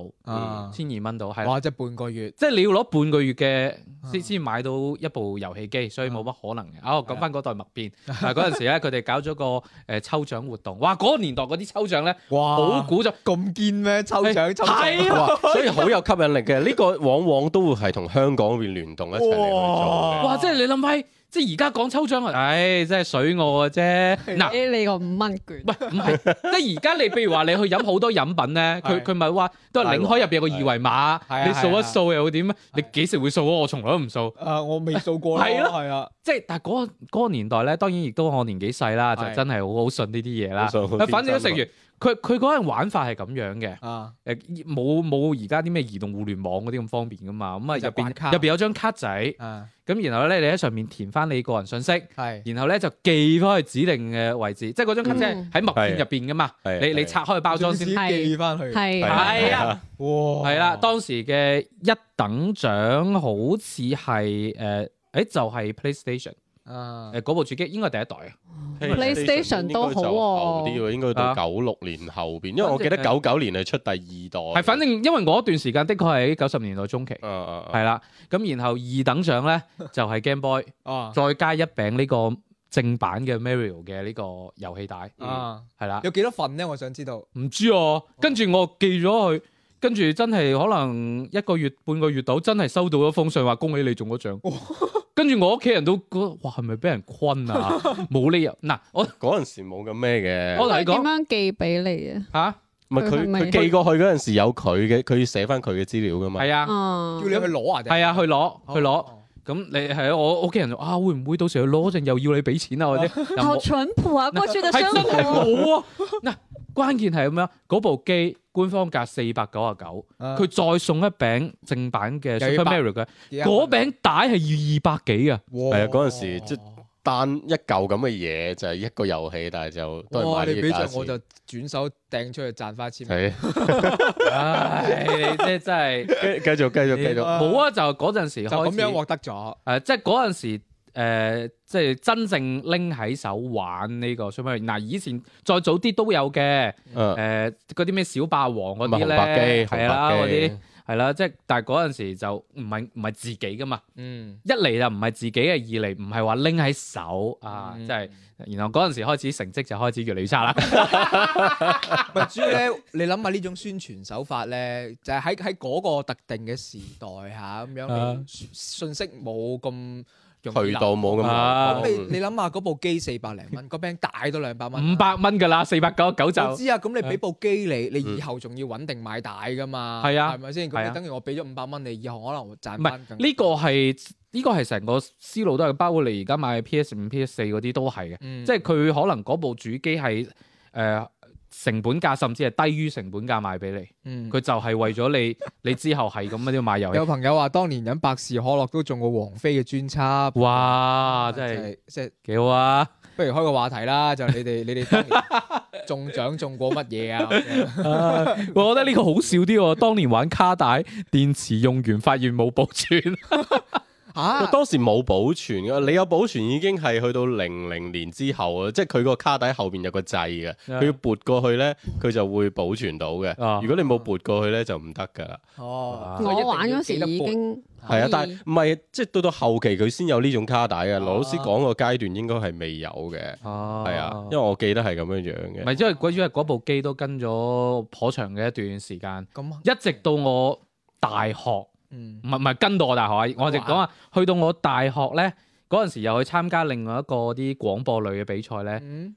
千二蚊到係。哇、啊！即、嗯、或者半個月，即係你要攞半個月嘅。先先買到一部遊戲機，所以冇乜可能嘅。啊，講翻嗰代麥片，嗱嗰陣時咧，佢哋搞咗個誒抽獎活動，哇！嗰年代嗰啲抽獎咧，哇，好估就咁堅咩？抽獎抽獎，所以好有吸引力嘅。呢個往往都會係同香港嗰邊聯動一齊嚟做。哇！即係你諗係。即係而家講抽獎啊！唉，真係水我嘅啫。嗱，你個五蚊券。唔係，即係而家你，譬如話你去飲好多飲品咧，佢佢咪話都係擰開入邊有個二維碼，你掃一掃又會點啊？你幾時會掃啊？我從來都唔掃。誒，我未掃過。係咯，係啊。即係，但係嗰個嗰個年代咧，當然亦都我年紀細啦，就真係好好信呢啲嘢啦。啊，反正都食完。佢佢嗰陣玩法係咁樣嘅，誒冇冇而家啲咩移動互聯網嗰啲咁方便噶嘛？咁啊入邊入邊有張卡仔，咁、啊、然後咧你喺上面填翻你個人信息，是然後咧就寄翻去指定嘅位置，是即係嗰張卡仔喺麥片入邊噶嘛，你你拆開個包裝先寄翻去，係啊,啊,啊,啊,啊,啊，哇，係啦、啊，當時嘅一等獎好似係誒，誒、呃、就係、是、PlayStation。啊！嗰部主機應該第一代啊，PlayStation 都好後啲喎，應該到九六年後邊，因為我記得九九年係出第二代。係，反正因為嗰段時間的確係九十年代中期。啊係啦，咁然後二等獎咧就係 Game Boy，再加一餅呢個正版嘅 Mario 嘅呢個遊戲帶。啊，係啦。有幾多份咧？我想知道。唔知喎，跟住我寄咗去。跟住真係可能一個月半個月到，真係收到一封信，話恭喜你中咗獎。跟住我屋企人都覺得哇，係咪俾人困啊？冇理由嗱，我嗰陣時冇咁咩嘅。我同你講點樣寄俾你啊？吓，唔係佢寄過去嗰陣時有佢嘅，佢要寫翻佢嘅資料噶嘛。係啊，叫你去攞啊。係啊，去攞去攞。咁你係我屋企人啊？會唔會到時去攞陣又要你俾錢啊？或者？好淳樸啊，過去就生活。係真係冇啊。嗱，關鍵係咁樣，嗰部機。官方價四百九啊九，佢再送一餅正版嘅 Super Mario 嘅，嗰餅帶係要二百幾啊！係啊，嗰陣時即單一嚿咁嘅嘢就係、是、一個遊戲，但係就都係賣呢啲價錢。我就轉手掟出去賺翻千。係是，即、 哎、真係繼續繼續繼續。冇哇啊，就嗰陣時就咁樣獲得咗。誒、啊，即嗰陣時。誒，即係、呃就是、真正拎喺手玩呢、這個所以嗱，以前再早啲都有嘅。誒、呃，嗰啲咩小霸王嗰啲咧，係啦嗰啲，係、嗯、啦，即、嗯、係、啊。但係嗰陣時就唔係唔係自己噶嘛，一嚟就唔係自己嘅，二嚟唔係話拎喺手啊，即、就、係、是。然後嗰陣時開始成績就開始越嚟越差啦。主要咧，你諗下呢種宣傳手法咧，就係喺喺嗰個特定嘅時代吓，咁樣信息冇咁。渠道冇咁、嗯，你、嗯、你諗下嗰部機四百零蚊，個 band 帶都兩百蚊，五百蚊噶啦，四百九十九就。 我知啊，咁你俾部機你，嗯、你以後仲要穩定買帶噶嘛？係啊，係咪先？咁等於我俾咗五百蚊你，以後可能賺翻。唔係呢個係呢、呢個係成個思路都係包括你而家買 PS 五、PS 四嗰啲都係嘅，即係佢可能嗰部主機係誒。呃成本價甚至係低於成本價賣俾你，佢、嗯、就係為咗你，你之後係咁樣買遊戲。 有朋友話當年飲百事可樂都中過王菲嘅專輯，哇，真係即係幾好啊！不如開個話題啦，就係、是、你哋你哋中獎中過乜嘢啊？我覺得呢個好笑啲，當年玩卡帶電池用完發現冇保存。 嚇！啊、當時冇保存嘅，你有保存已經係去到零零年之後啊，即係佢個卡帶後邊有個掣嘅，佢的要撥過去咧，佢就會保存到嘅。啊、如果你冇撥過去咧，就唔得㗎啦。哦、啊，我玩嗰時已經係啊，但係唔係即係到到後期佢先有呢種卡帶嘅。啊、老師講個階段應該係未有嘅，係啊，因為我記得係咁樣樣嘅。唔係、啊，因為嗰因為嗰部機都跟咗頗長嘅一段時間，啊、一直到我大學。嗯，唔係唔係跟到我大學啊！哇我直講啊，去到我大學咧嗰陣時，又去參加另外一個啲廣播類嘅比賽咧，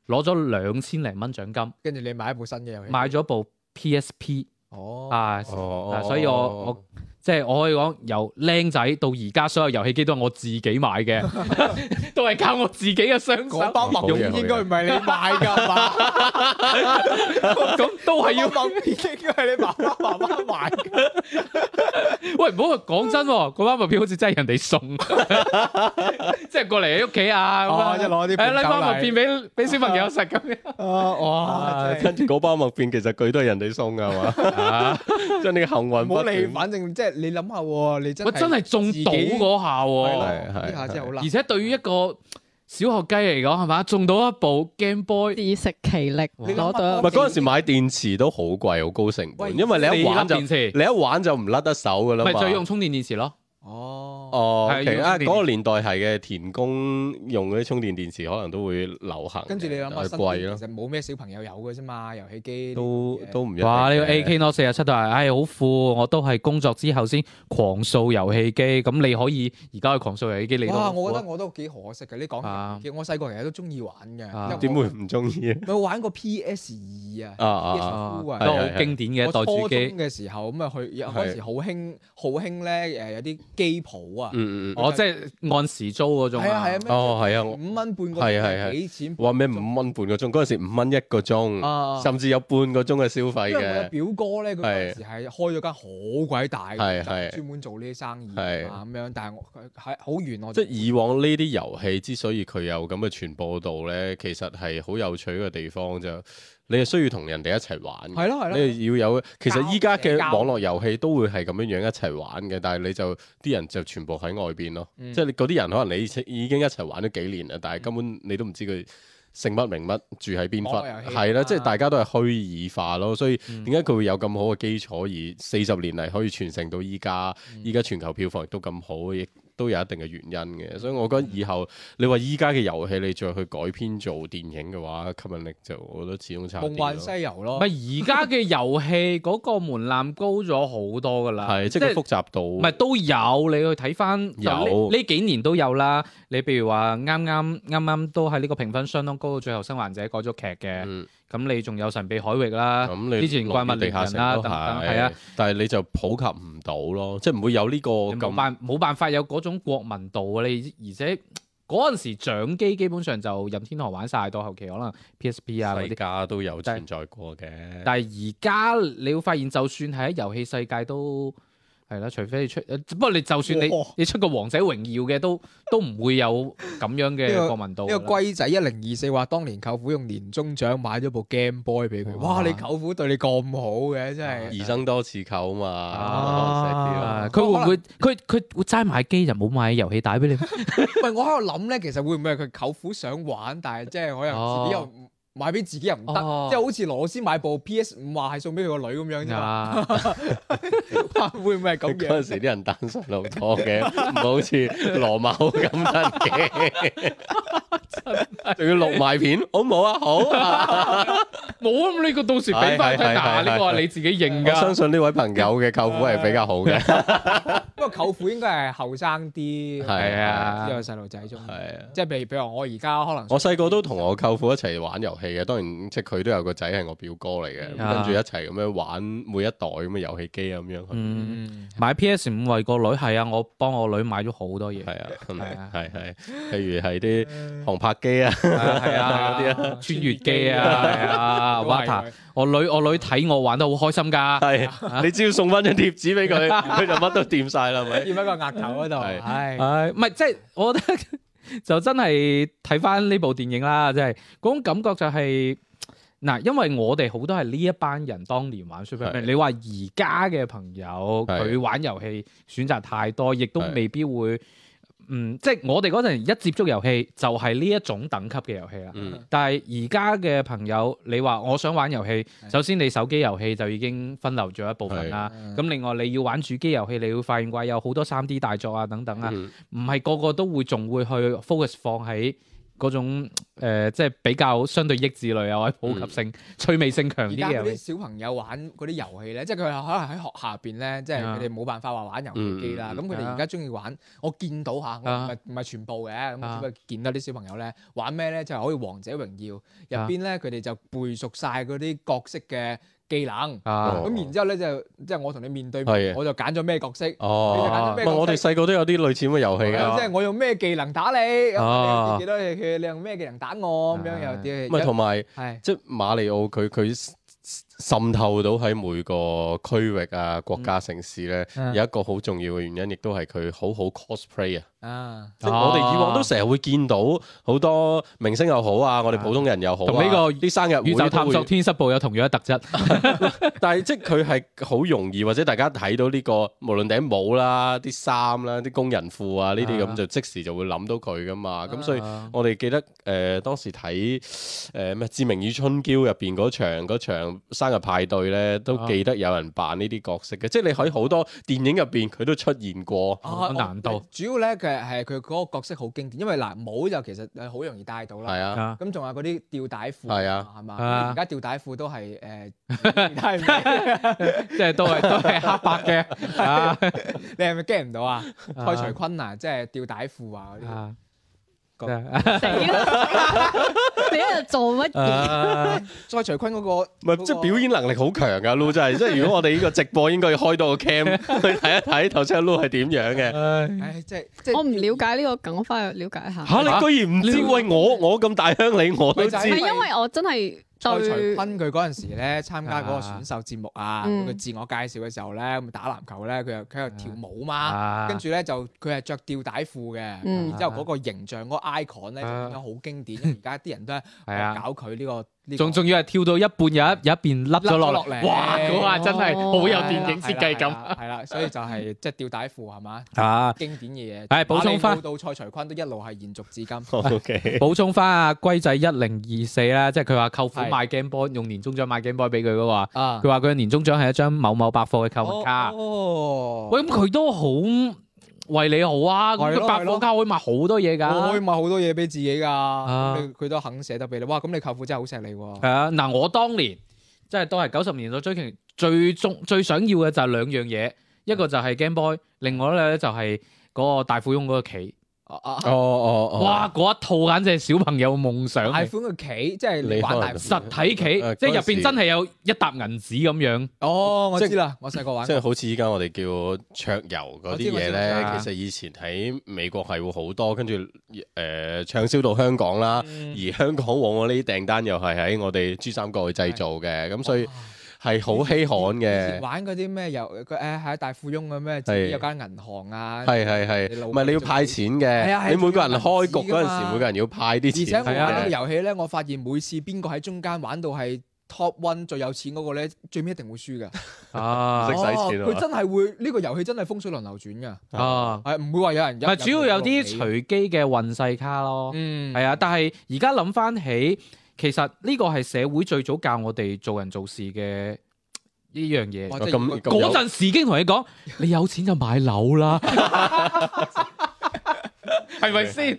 攞咗兩千零蚊獎金，跟住你買一部新嘅，買咗部 PSP 哦，啊，哦啊，所以我我。哦。即係我可以講由靚仔到而家，所有遊戲機都係我自己買嘅，都係靠我自己嘅雙手。嗰包麥片應該唔係你買㗎嘛？咁都係要麥片，應該係你爸爸媽媽買。 喂，唔好話講真，嗰包麥片好似真係人哋送，即 係過嚟你屋企啊咁、哦、一攞啲麥片嚟。誒、啊，包麥片俾俾小朋友食咁樣。 哇，跟住嗰包麥片其實佢都係人哋送㗎嘛，將你嘅幸運。冇理，反正即係。你諗下喎，你我真係中到嗰下喎，啊，呢下真係好難，而且對於一個小學雞嚟講，係嘛？中到一部 Game Boy，自食其力你攞哇到，唔係嗰陣時買電池都好貴，好高成本，喂因為你一玩就你一玩就唔甩得手㗎啦嘛。咪就用充電電池咯。哦，哦，係啊，嗰個年代係嘅，田工用嗰啲充電電池可能都會流行，跟住你諗下，貴嘅其實冇咩小朋友有嘅啫嘛，遊戲機都都唔有。哇，呢個 AK47 都係，唉，好富！我都係工作之後先狂掃遊戲機。咁你可以而家去狂掃遊戲機。你哇，我覺得我都幾可惜嘅。你講其實我細個其實都中意玩嘅。點會唔中意？咪玩過 P S 二啊，都好經典嘅一代主機。我嘅時候咁啊去，嗰時好興好興咧，誒有啲。機鋪啊，嗯嗯嗯，我、就係哦、即係按時租嗰種啊，係啊係啊，哦係啊，哦、啊五蚊半個鐘，係係係幾錢？話咩五蚊半個鐘？嗰陣時，時五蚊一個鐘，啊、甚至有半個鐘嘅消費嘅。表哥咧，佢嗰陣時係開咗間好鬼大嘅，係係專門做呢啲生意啊咁是樣。但係我係好遠我。即係以往呢啲遊戲之所以佢有咁嘅傳播度咧，其實係好有趣嘅地方就。你係需要同人哋一齊玩嘅，係咯係咯，你係要有。其實依家嘅網絡遊戲都會係咁樣樣一齊玩嘅，但係你就啲人就全部喺外邊咯。嗯、即係嗰啲人可能你已經一齊玩咗幾年啦，嗯、但係根本你都唔知佢姓乜名乜，住喺邊忽。係啦、啊，即係大家都係虛擬化咯。所以點解佢會有咁好嘅基礎，而四十年嚟可以傳承到依家，依家全球票房亦都咁好。都有一定嘅原因嘅，所以我覺得以後你話依家嘅遊戲你再去改編做電影嘅話，吸引力就我覺得始終差啲。夢幻西遊咯，咪而家嘅遊戲嗰個門檻高咗好多噶啦，係即係是複雜度，咪都有你去睇翻，有呢幾年都有啦。你譬如話啱啱啱啱都係呢個評分相當高嘅最後生還者改咗劇嘅。嗯咁你仲有神秘海域啦，之前那你 怪物地下啦等系啊，但係你就普及唔到咯，即係唔會有呢個咁，冇辦冇辦法有嗰種國民度啊！你而且嗰陣時掌機基本上就任天堂玩晒，到後期可能 PSP 啊嗰啲世界都有存在過嘅，但係而家你會發現，就算係喺遊戲世界都。係啦，除非你出，不過你就算你你出個王者榮耀嘅，都都唔會有咁樣嘅國民度。因為龜仔一零二四話，當年舅父用年終獎買咗部 Game Boy 俾佢，哇！你舅父對你咁好嘅，真係。外甥多似舅嘛，佢會唔會佢佢會齋買機就冇買遊戲帶俾你？唔係我喺度諗咧，其實會唔會係佢舅父想玩，但係即係我又自己又買俾自己又唔得，即係好似羅斯買部 PS 五話係送俾佢個女咁樣。 會唔會係咁嘅？嗰陣 時啲人單身好多嘅，唔好似羅某咁得嘅。仲 要錄埋片，好唔好啊？好，冇咁呢個到時俾翻佢，嗱呢、 啊這個你自己認㗎。 我相信呢位朋友嘅舅父係比較好嘅，不 過 舅父應該係後生啲，係啊，因為細路仔中，係啊，即係譬如譬如我而家可能我細個都同我舅父一齊玩遊戲嘅，當然即係佢都有個仔係我表哥嚟嘅，跟住 一齊咁樣玩每一代咁嘅遊戲機咁樣。 嗯嗯，買 PS 五為個女係啊，我幫我女買咗好多嘢，係啊，係啊，係係，譬如係啲航拍機啊，係啊，啲啊，啊穿越機啊，係啊，Water，、啊、我女我女睇我玩得好開心噶，係、啊，你只要送翻張貼紙俾佢，佢就乜都掂晒啦，咪，掂翻個額頭嗰度，係、啊，係、啊，唔係即係，我覺得就真係睇翻呢部電影啦，即係嗰種感覺就係、是。嗱，因為我哋好多係呢一班人當年玩 Super，man, 是你話而家嘅朋友佢玩遊戲選擇太多，亦是都未必會，嗯，即係我哋嗰陣一接觸遊戲就係呢一種等級嘅遊戲啦。嗯、但係而家嘅朋友，你話我想玩遊戲，是首先你手機遊戲就已經分流咗一部分啦。咁是另外你要玩主機遊戲，你會發現話有好多三 D 大作啊等等啊，唔係是個個都會仲會去 focus 放喺。嗰種、呃、即係比較相對益智類啊，或者、嗯、普及性、趣味性強啲嘅。而家嗰啲小朋友玩嗰啲遊戲咧，即係佢可能喺學校入邊咧，啊、即係佢哋冇辦法話玩遊戲機啦。咁佢哋而家中意玩、啊我，我見到吓，唔係唔係全部嘅，咁、啊、只不過見到啲小朋友咧玩咩咧？就係、是、可以《王者榮耀》入邊咧，佢哋、啊、就背熟晒嗰啲角色嘅。技能，咁、啊、然之後咧就即、是、係我同你面對面，的我就揀咗咩角色，啊、你就揀咗咩角色。我哋細個都有啲類似咁嘅遊戲嘅。即係我用咩技能打你，幾多血？你用咩技能打我咁、啊、樣又啲。唔係同埋，即係馬里奧佢佢。滲透到喺每個區域啊、國家、城市咧，有一個好重要嘅原因，亦都係佢好好 cosplay 啊！啊，即係我哋以往都成日會見到好多明星又好啊，我哋普通人又好。同呢個啲生日會、宇宙探索天師部有同樣嘅特質。但係即佢係好容易，或者大家睇到呢個，無論頂帽啦、啲衫啦、啲工人褲啊呢啲咁，就即時就會諗到佢噶嘛。咁所以我哋記得誒當時睇誒咩《志明與春嬌》入邊嗰場嘅派對咧，都記得有人扮呢啲角色嘅，即係你可以好多電影入邊佢都出現過難度。主要咧，其實係佢嗰個角色好經典，因為嗱帽就其實好容易戴到啦。係啊，咁仲有嗰啲吊帶褲，係啊，係嘛？而家吊帶褲都係誒，即係都係都係黑白嘅。你係咪驚唔到啊？蔡徐坤啊，即係吊帶褲啊嗰啲。你喺度做乜嘢？蔡徐坤嗰個唔係即係表演能力好強噶，Loo 真係即係如果我哋呢個直播應該要開多個 cam 去睇一睇頭先阿 Loo 係點樣嘅。唉，即係我唔了解呢個，等我翻去了解下。嚇！你居然唔知喂我我咁大鄉里我都知。係因為我真係蔡徐坤佢嗰陣時咧參加嗰個選秀節目啊，佢自我介紹嘅時候咧，咁打籃球咧，佢又佢又跳舞嘛，跟住咧就佢係着吊帶褲嘅，然之後嗰個形象嗰個 icon 咧變咗好經典，而家啲人。係啊，搞佢呢個，仲仲要係跳到一半有一又一邊甩咗落嚟，哇！嗰下真係好有電影設計感，係啦，所以就係即係吊帶褲係嘛，啊，經典嘅嘢，係補充翻到蔡徐坤都一路係延續至今，OK，補充翻阿龜仔一零二四啦，即係佢話舅父買 game boy 用年終獎買 game boy 俾佢話，佢話佢嘅年終獎係一張某某百貨嘅購物卡，喂，咁佢都好。為你好啊，咁百貨街可以買好多嘢㗎，可以買好多嘢俾、啊、自己㗎，佢、啊、都肯捨得俾你。哇，咁你舅父真係好錫你喎。係啊，嗱，我當年即係都係九十年代追求最中最，最想要嘅就係兩樣嘢，一個就係 Game Boy，另外咧就係嗰個大富翁嗰個棋。哦哦哦哇，嗰一套簡直係小朋友夢想。大款嘅棋，即係玩大，實體棋，即係入邊真係有一沓銀紙咁樣。哦，我知啦，我細個玩。即係好似依家我哋叫桌遊嗰啲嘢咧，其實以前喺美國係會好多，跟住誒暢銷到香港啦。而香港往往呢啲訂單又係喺我哋珠三角去製造嘅，咁所以。係好稀罕嘅，玩嗰啲咩遊，誒，係大富翁嘅咩？自己有間銀行啊，係係係，唔係你要派錢嘅，你每個人開局嗰陣時，每個人要派啲錢。而且呢個遊戲咧，我發現每次邊個喺中間玩到係 top one 最有錢嗰個咧，最屘一定會輸嘅。啊，唔識使錢，佢真係會呢個遊戲真係風水輪流轉嘅。啊，係唔會話有人有，係，主要有啲隨機嘅運勢卡咯。嗯，係啊，但係而家諗翻起。其實呢個係社會最早教我哋做人做事嘅一樣嘢。嗰陣哇麼時已經同你講， 你有錢就買樓啦，係咪先？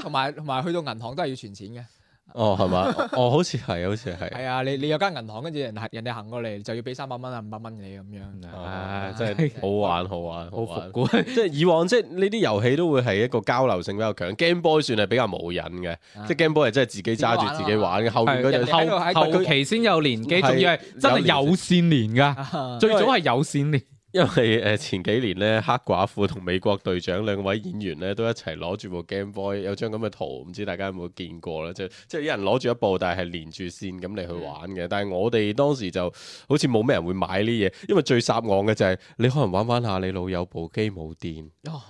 同埋同埋去到銀行都係要存錢嘅。哦，係嘛？哦，好似係，好似係。係啊，你你有間銀行，跟住人人哋行過嚟，就要俾三百蚊啊五百蚊你咁樣嘅。唉，真係好玩，好玩，好復古。即係以往，即係呢啲遊戲都會係一個交流性比較強。Game Boy 算係比較無癮嘅，即係 Game Boy 係真係自己揸住自己玩嘅。後期後期先有連機，仲要係真係有線連噶，最早係有線連。因為誒前幾年咧，黑寡婦同美國隊長兩位演員咧都一齊攞住部 Game Boy，有張咁嘅圖，唔知大家有冇見過咧？即係即係有人攞住一部，但係係連住線咁嚟去玩嘅。的但係我哋當時就好似冇咩人會買呢嘢，因為最失望嘅就係、是、你可能玩玩下，你老友部機冇電哦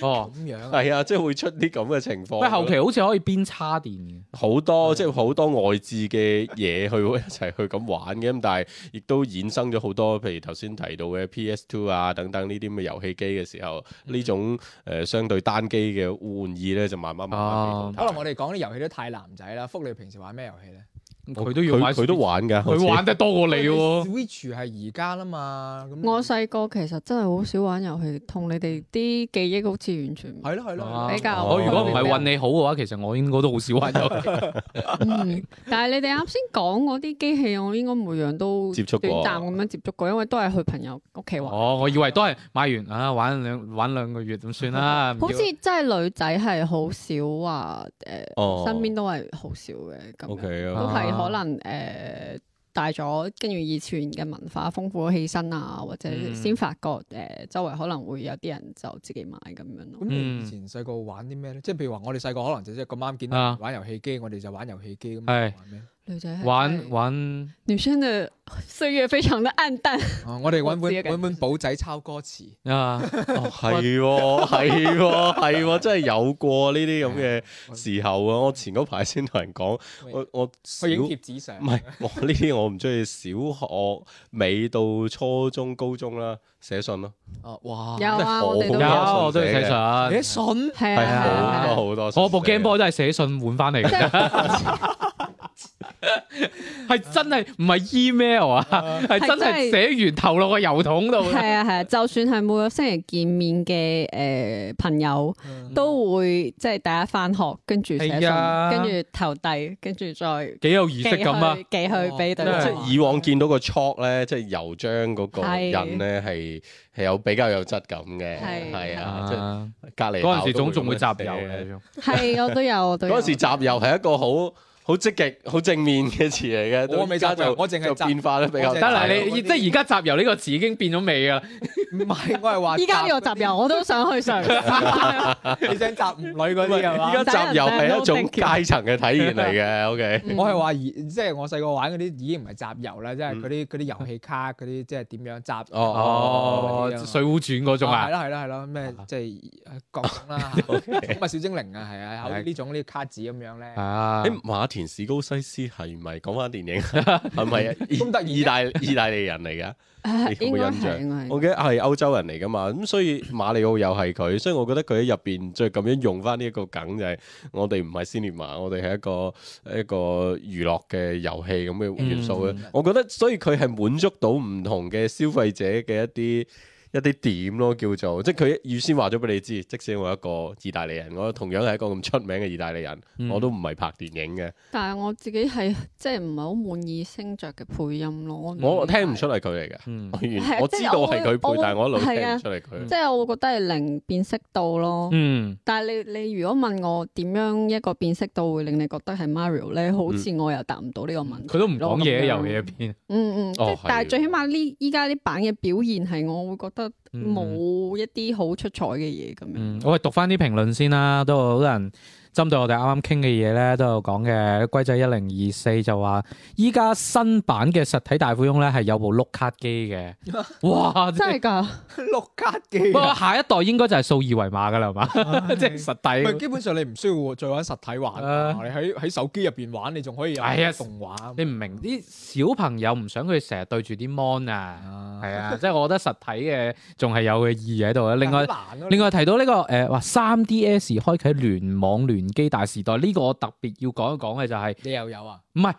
哦咁 樣係啊，即係會出啲咁嘅情況。喂，後期好似可以邊叉電好多，的即係好多外置嘅嘢去一齊去咁玩嘅。咁但係亦都衍生咗好多，譬如頭先提到嘅。PS Two 啊，等等呢啲咁嘅遊戲機嘅時候，呢、嗯、種誒、呃、相對單機嘅玩意咧，就慢慢慢慢。嗯、可能我哋講啲遊戲都太男仔啦。福，你平時玩咩遊戲咧？佢都要買佢，佢都玩㗎，佢玩得多過你喎。Switch 係而家啦嘛。我細個其實真係好少玩遊戲，同你哋啲記憶好似完全。唔係咯係咯，比較。我如果唔係運氣好嘅話，其實我應該都好少玩遊戲。但係你哋啱先講嗰啲機器，我應該每樣都接觸短暫咁樣接觸過，因為都係去朋友屋企玩。哦，我以為都係買完啊，玩兩玩兩個月咁算啦。好似真係女仔係好少話，誒，身邊都係好少嘅咁。O K 可能誒大咗，跟住以前嘅文化豐富咗起身啊，或者先發覺誒、呃、周圍可能會有啲人就自己買咁樣咯。咁、嗯、你以前細個玩啲咩咧？即係譬如話，我哋細個可能就即係咁啱見到玩遊戲機，啊、我哋就玩遊戲機咁。係是。玩玩玩，女生嘅歲月非常的暗淡。我哋搵本本簿仔抄歌詞啊，係係係，真係有過呢啲咁嘅時候啊！我前嗰排先同人講，我我去影貼紙相，唔係呢啲我唔中意。小學未到初中、高中啦，寫信咯。啊哇，有啊，有，我都寫信。寫信係啊，好多好多。我部 Game Boy 都係寫信換翻嚟嘅。係真係唔係 email 啊，係真係寫完投落個郵筒度。係啊係啊，就算係每個星期見面嘅誒朋友，都會即係第一翻學跟住跟住投遞，跟住再幾有儀式感啊，幾去俾。即係以往見到個戳咧，即係郵章嗰個人咧係係有比較有質感嘅，係啊，即隔籬嗰陣時總仲會集郵嘅，係我都有，嗰陣時集郵係一個好。好積極、好正面嘅詞嚟嘅，我未集郵，我淨係變化得比較大。得啦，你即係而家集郵呢個詞已經變咗味啊！唔係，我係話依家呢個集郵我都想去上。你想集五類嗰啲，而家集郵係一種階層嘅體現嚟嘅。OK，我係話即係我細個玩嗰啲已經唔係集郵啦，即係嗰啲啲遊戲卡嗰啲，即係點樣集哦？哦，水滸傳嗰種啊？係啦係啦係啦，咩即係各種啦，寵物小精靈啊，係啊，好似呢種呢啲卡紙咁樣咧。係啊，前史高西斯係咪講翻電影？係咪啊？都得意大、意大利人嚟嘅，你有冇印象？我記得係歐洲人嚟噶嘛，咁所以馬里奧又係佢，所以我覺得佢喺入邊再咁樣用翻呢一個梗，就係我哋唔係 cinema，我哋係一個一個娛樂嘅遊戲咁嘅元素。嗯嗯、我覺得，所以佢係滿足到唔同嘅消費者嘅一啲。一啲點咯，叫做即係佢預先話咗俾你知。即使我一個意大利人，我同樣係一個咁出名嘅意大利人，我都唔係拍電影嘅。但係我自己係即係唔係好滿意星爵嘅配音咯。我我聽唔出嚟佢嚟嘅，我知道係佢配，但係我一路聽唔出嚟佢。即係我會覺得係零辨識度咯。嗯，但係你你如果問我點樣一個辨識度會令你覺得係 Mario 咧，好似我又答唔到呢個問題。佢都唔講嘢喺遊戲入邊。嗯嗯，但係最起碼呢依家啲版嘅表現係，我會覺得。冇一啲好出彩嘅嘢咁樣，嗯、我哋讀翻啲評論先啦，都好多人。針對我哋啱啱傾嘅嘢咧，都有講嘅。龜仔一零二四就話：依家新版嘅實體大富翁咧，係有部碌卡機嘅。 哇！真係的㗎，碌 卡機、啊。不過下一代應該就係掃二維碼㗎啦，係嘛、哎？ 即係實體。咪、哎、基本上你唔需要再玩實體玩啦。啊、你喺喺手機入邊玩，你仲可以。係啊，動畫。你唔明啲小朋友唔想佢成日對住啲 mon 啊？係啊，即係我覺得實體嘅仲係有嘅意義喺度啊。另外，另外提到呢、呢個誒話，三、呃、DS 開啟聯網聯。機大時代呢個我特別要講一講嘅就係、是、你又有啊？唔係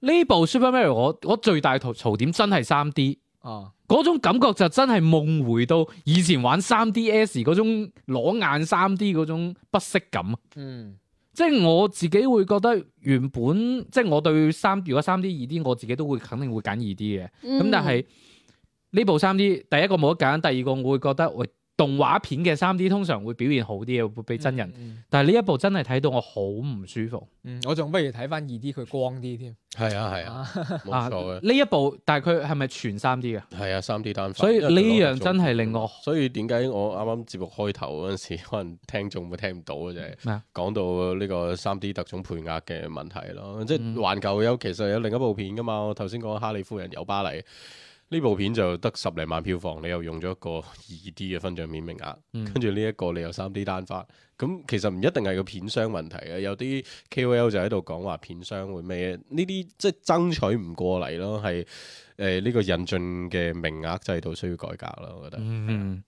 呢部 Super Mario 我我最大吐槽點真係三 D 哦，嗰種感覺就真係夢回到以前玩三 DS 嗰種裸眼三 D 嗰種不適感。嗯，即係我自己會覺得原本即係我對三，如果三 D 二 D 我自己都會肯定會揀二 D 嘅，咁但係呢部三 D 第一個冇得揀，第二個我會覺得喂。動畫片嘅三 D 通常會表現好啲嘅，會比真人。嗯嗯、但係呢一部真係睇到我好唔舒服。嗯，我仲不如睇翻二 D，佢光啲添。係啊係啊，冇、啊、 錯嘅。呢、啊、一部但係佢係咪全三 D 嘅？係啊，三 D 單。所以呢樣真係令我。所以點解我啱啱節目開頭嗰陣時，可能聽眾會聽唔到嘅啫？咩講到呢個三 D 特種配額嘅問題咯，嗯、即係環球有其實有另一部片噶嘛？我頭先講《哈利夫人有巴黎》。呢部片就得十零萬票房，你又用咗一個二 D 嘅分帳片名額，跟住呢一個你又三 D 單發，咁其實唔一定係個片商問題嘅，有啲 KOL 就喺度講話片商會咩，呢啲即係爭取唔過嚟咯，係誒呢個引進嘅名額制度需要改革咯，我覺得。嗯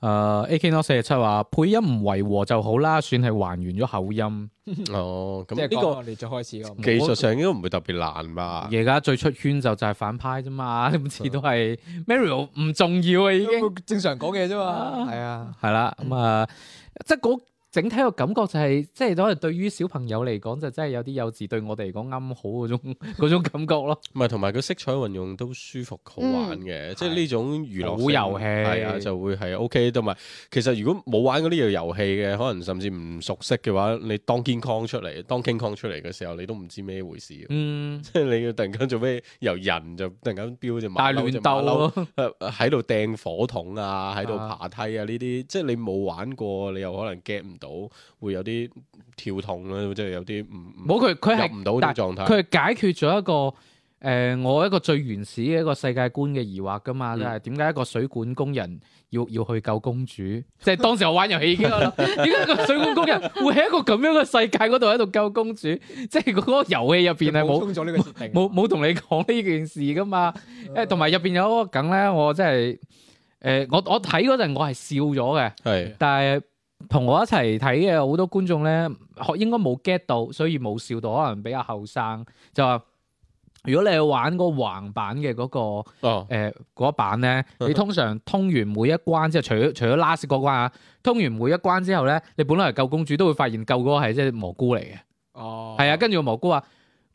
誒、uh，AK 呢四十七話配音唔違和就好啦，算係還原咗口音。哦，咁呢個我哋再開始。技術上應該唔會特別難吧？而家 最出圈就就係反派啫嘛，今次都係 Mario 唔重要啊，已經正常講嘢啫嘛。係啊，係啦，咁啊，嗯、 即係嗰。整體個感覺就係、是，即係對於小朋友嚟講就真係有啲幼稚，對我哋嚟講啱好嗰種嗰種感覺咯。唔係，同埋個色彩運用都舒服好玩嘅，嗯、即係呢種娛樂遊戲係啊，就會係 OK。同埋，其實如果冇玩過呢樣遊戲嘅，可能甚至唔熟悉嘅話，你當 King Kong 出嚟，當 King Kong 出嚟嘅時候，你都唔知咩回事。嗯，即係 你要突然間做咩由人就突然間飆隻馬，但係亂鬥，喺度掟火筒啊，喺度爬梯啊呢啲、啊，即係你冇玩過，你又可能 get 唔～到會有啲跳痛啦，即係有啲唔冇佢佢入唔到啲狀態，佢係解決咗一個誒我一個最原始嘅一個世界觀嘅疑惑噶嘛，即係點解一個水管工人要要去救公主？即係當時我玩遊戲已經，點解個水管工人會喺一個咁樣嘅世界嗰度喺度救公主？即係嗰個遊戲入邊係冇冇冇同你講呢件事噶嘛？誒同埋入邊有個梗咧，我真係誒我我睇嗰陣我係笑咗嘅，係但係。同我一齊睇嘅好多觀眾咧，學應該冇 get 到，所以冇笑到，可能比較後生，就話如果你去玩個橫版嘅嗰、嗰個哦，誒嗰、呃、版咧，你通常通完每一關之後，即係除咗除咗 last 嗰關啊，通完每一關之後咧，你本來係救公主都會發現救嗰個係即係蘑菇嚟嘅，哦，係啊，跟住個蘑菇話。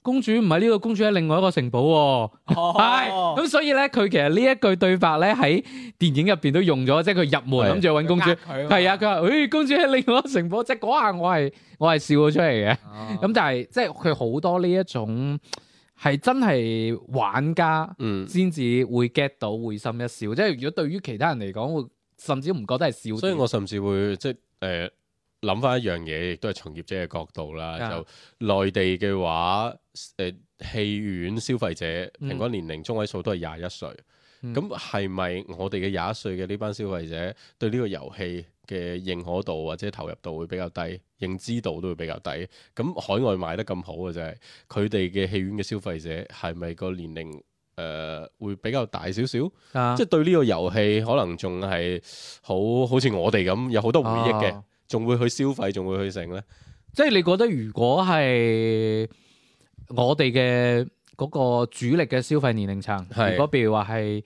公主唔係呢個公主，喺另外一個城堡喎、哦，係咁、oh. 嗯、所以咧佢其實呢一句對白咧喺電影入邊都用咗，即係佢入門諗住揾公主，係啊佢話，誒、哎、公主喺另外一個城堡，即係嗰下我係我係笑咗出嚟嘅。咁、oh. 嗯嗯、但係即係佢好多呢一種係真係玩家嗯先至會 get 到會心一笑，即係如果對於其他人嚟講，甚至唔覺得係笑，所以我甚至會即係誒。欸諗返一樣嘢，亦都係從業者嘅角度啦。Yeah. 就內地嘅話，誒、呃、戲院消費者平均年齡、mm. 中位數都係廿一歲。咁係咪我哋嘅廿一歲嘅呢班消費者對呢個遊戲嘅認可度或者投入度會比較低，認知度都會比較低？咁海外賣得咁好嘅就係佢哋嘅戲院嘅消費者係咪個年齡誒、呃、會比較大少少？即係 Yeah. 對呢個遊戲可能仲係好好似我哋咁有好多回憶嘅。Oh. 仲會去消費，仲會去成咧？即係你覺得如果係我哋嘅嗰個主力嘅消費年齡層，是如果譬如話係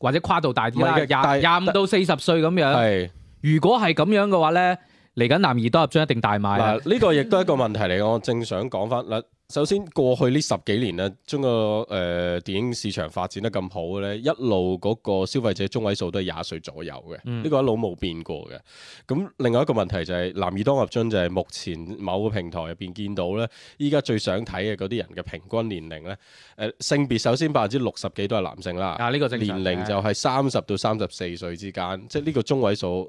或者跨度大啲啦，廿五到四十歲咁樣，是如果係咁樣嘅話咧，嚟緊男兒都入場一定大賣呢、啊呢個亦都係一個問題嚟， 我正想講翻嗱。首先過去呢十幾年咧，中國誒電影市場發展得咁好咧，一路嗰個消費者中位數都係廿歲左右嘅，呢、嗯、個一路冇變過嘅。咁另外一個問題就係男兒當入樽，就係目前某個平台入邊見到呢，依家最想睇嘅嗰啲人嘅平均年齡呢、呃，性別首先百分之六十幾都係男性啦，啊呢、這個正常，年齡就係三十到三十四歲之間，嗯、即係呢個中位數。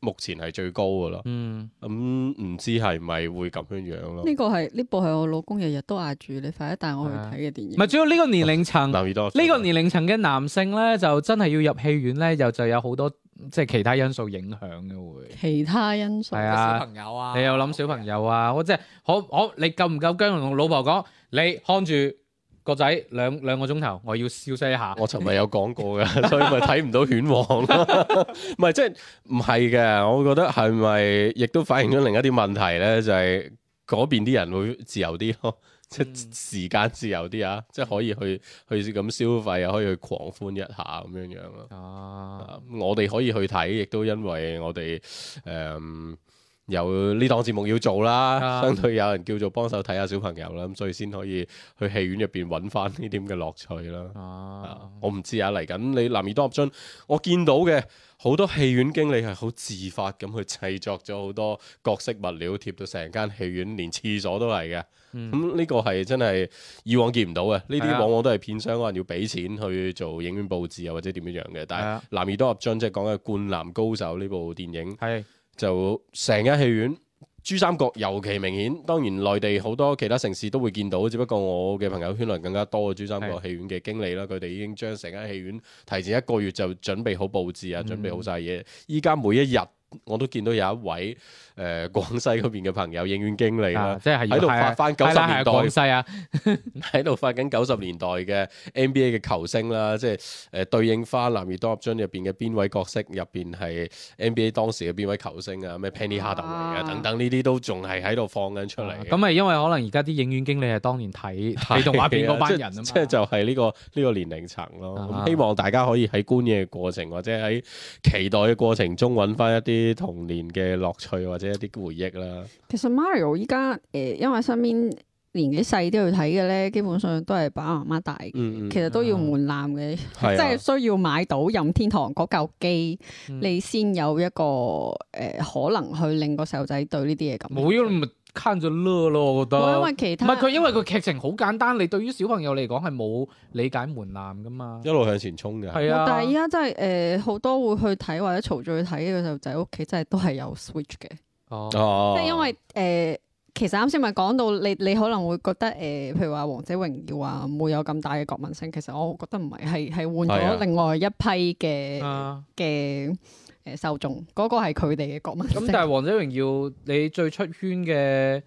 目前係最高噶咯，咁唔、嗯嗯、知係咪會咁樣樣咯？呢個係呢部係我老公日日都嗌住你快啲帶我去睇嘅電影。唔係、啊，主要呢個年齡層，呢、啊、個年齡層嘅男性咧，就真係要入戲院咧，又就，就有好多即係、就是、其他因素影響嘅會。其他因素，啊、小朋友啊，你有諗小朋友啊？我 okay. 即係，好，好，你夠唔夠薑同老婆講，你看住。仔兩兩個仔兩兩個鐘頭，我要消息一下。我尋日有講過嘅， 所以咪睇唔到犬王咯。唔係即係唔係嘅，我覺得係咪亦都反映咗另一啲問題咧？就係嗰邊啲人會自由啲咯， 即係時間自由啲啊，嗯、即係可以去去咁消費啊，可以去狂歡一下咁樣樣咯。啊， 我哋可以去睇，亦都因為我哋誒。呃由呢檔節目要做啦，Yeah. 相對有人叫做幫手睇下小朋友啦，咁所以先可以去戲院入邊揾翻呢啲咁嘅樂趣啦。我唔知啊，嚟緊、啊、你男兒當入樽，我見到嘅好多戲院經理係好自發咁去製作咗好多角色物料貼到成間戲院，連廁所都係嘅。咁呢、mm. 嗯這個係真係以往見唔到嘅，呢啲往往都係片商可能 Yeah. 要俾錢去做影院佈置啊，或者點樣樣嘅。但係男兒當入樽即係講嘅《灌籃高手》呢部電影。Yeah. Yeah. yeah. 就成間戲院，珠三角尤其明顯，當然，內地好多其他城市都會見到，只不過我嘅朋友圈內更加多嘅珠三角戲院嘅經理啦，佢哋的已經將成間戲院提前一個月就準備好布置啊，嗯、準備好曬嘢。依家每一日。我都見到有一位誒、呃、廣西嗰邊嘅朋友影院經理啦、啊，即係喺度發翻九十年代、啊啊，廣西啊，喺 度發緊九十年代嘅 NBA 嘅球星啦、啊，即係誒、呃、對應翻《南越刀劍》入邊嘅邊位角色，入邊係 NBA 當時嘅邊位球星啊？咩 Penny Hardaway 等等呢啲都仲係喺度放緊出嚟嘅。咁啊，啊因為可能而家啲影院經理係當年睇睇動畫片嗰班人即係就係、是、呢、這個呢、這個年齡層咯。咁希望大家可以喺觀影嘅過程或者喺期待嘅過程中揾翻一啲。啲童年嘅樂趣或者一啲回憶啦，其實 Mario 依家誒、呃，因為身邊年紀細都要睇嘅咧，基本上都係把阿媽大，嗯嗯其實都要門檻嘅，即係、啊、 需要買到任天堂嗰嚿機，嗯、你先有一個誒、呃、可能去令個細路仔對呢啲嘢咁。卡咗嘞咯，我覺得。因為其他，唔係佢因為個劇情好簡單，你對於小朋友嚟講係冇理解門檻噶嘛。一路向前衝嘅。係啊。但係而家真係誒好多會去睇或者嘈住去睇嘅細路仔屋企真係都係有 switch 嘅。哦。即係因為誒、呃，其實啱先咪講到你，你可能會覺得誒、呃，譬如話《王者榮耀》啊，冇有咁大嘅國民性。其實我覺得唔係，係係換咗另外一批嘅嘅。收中嗰個係佢哋嘅國民。咁但係《王者榮耀》，你最出圈嘅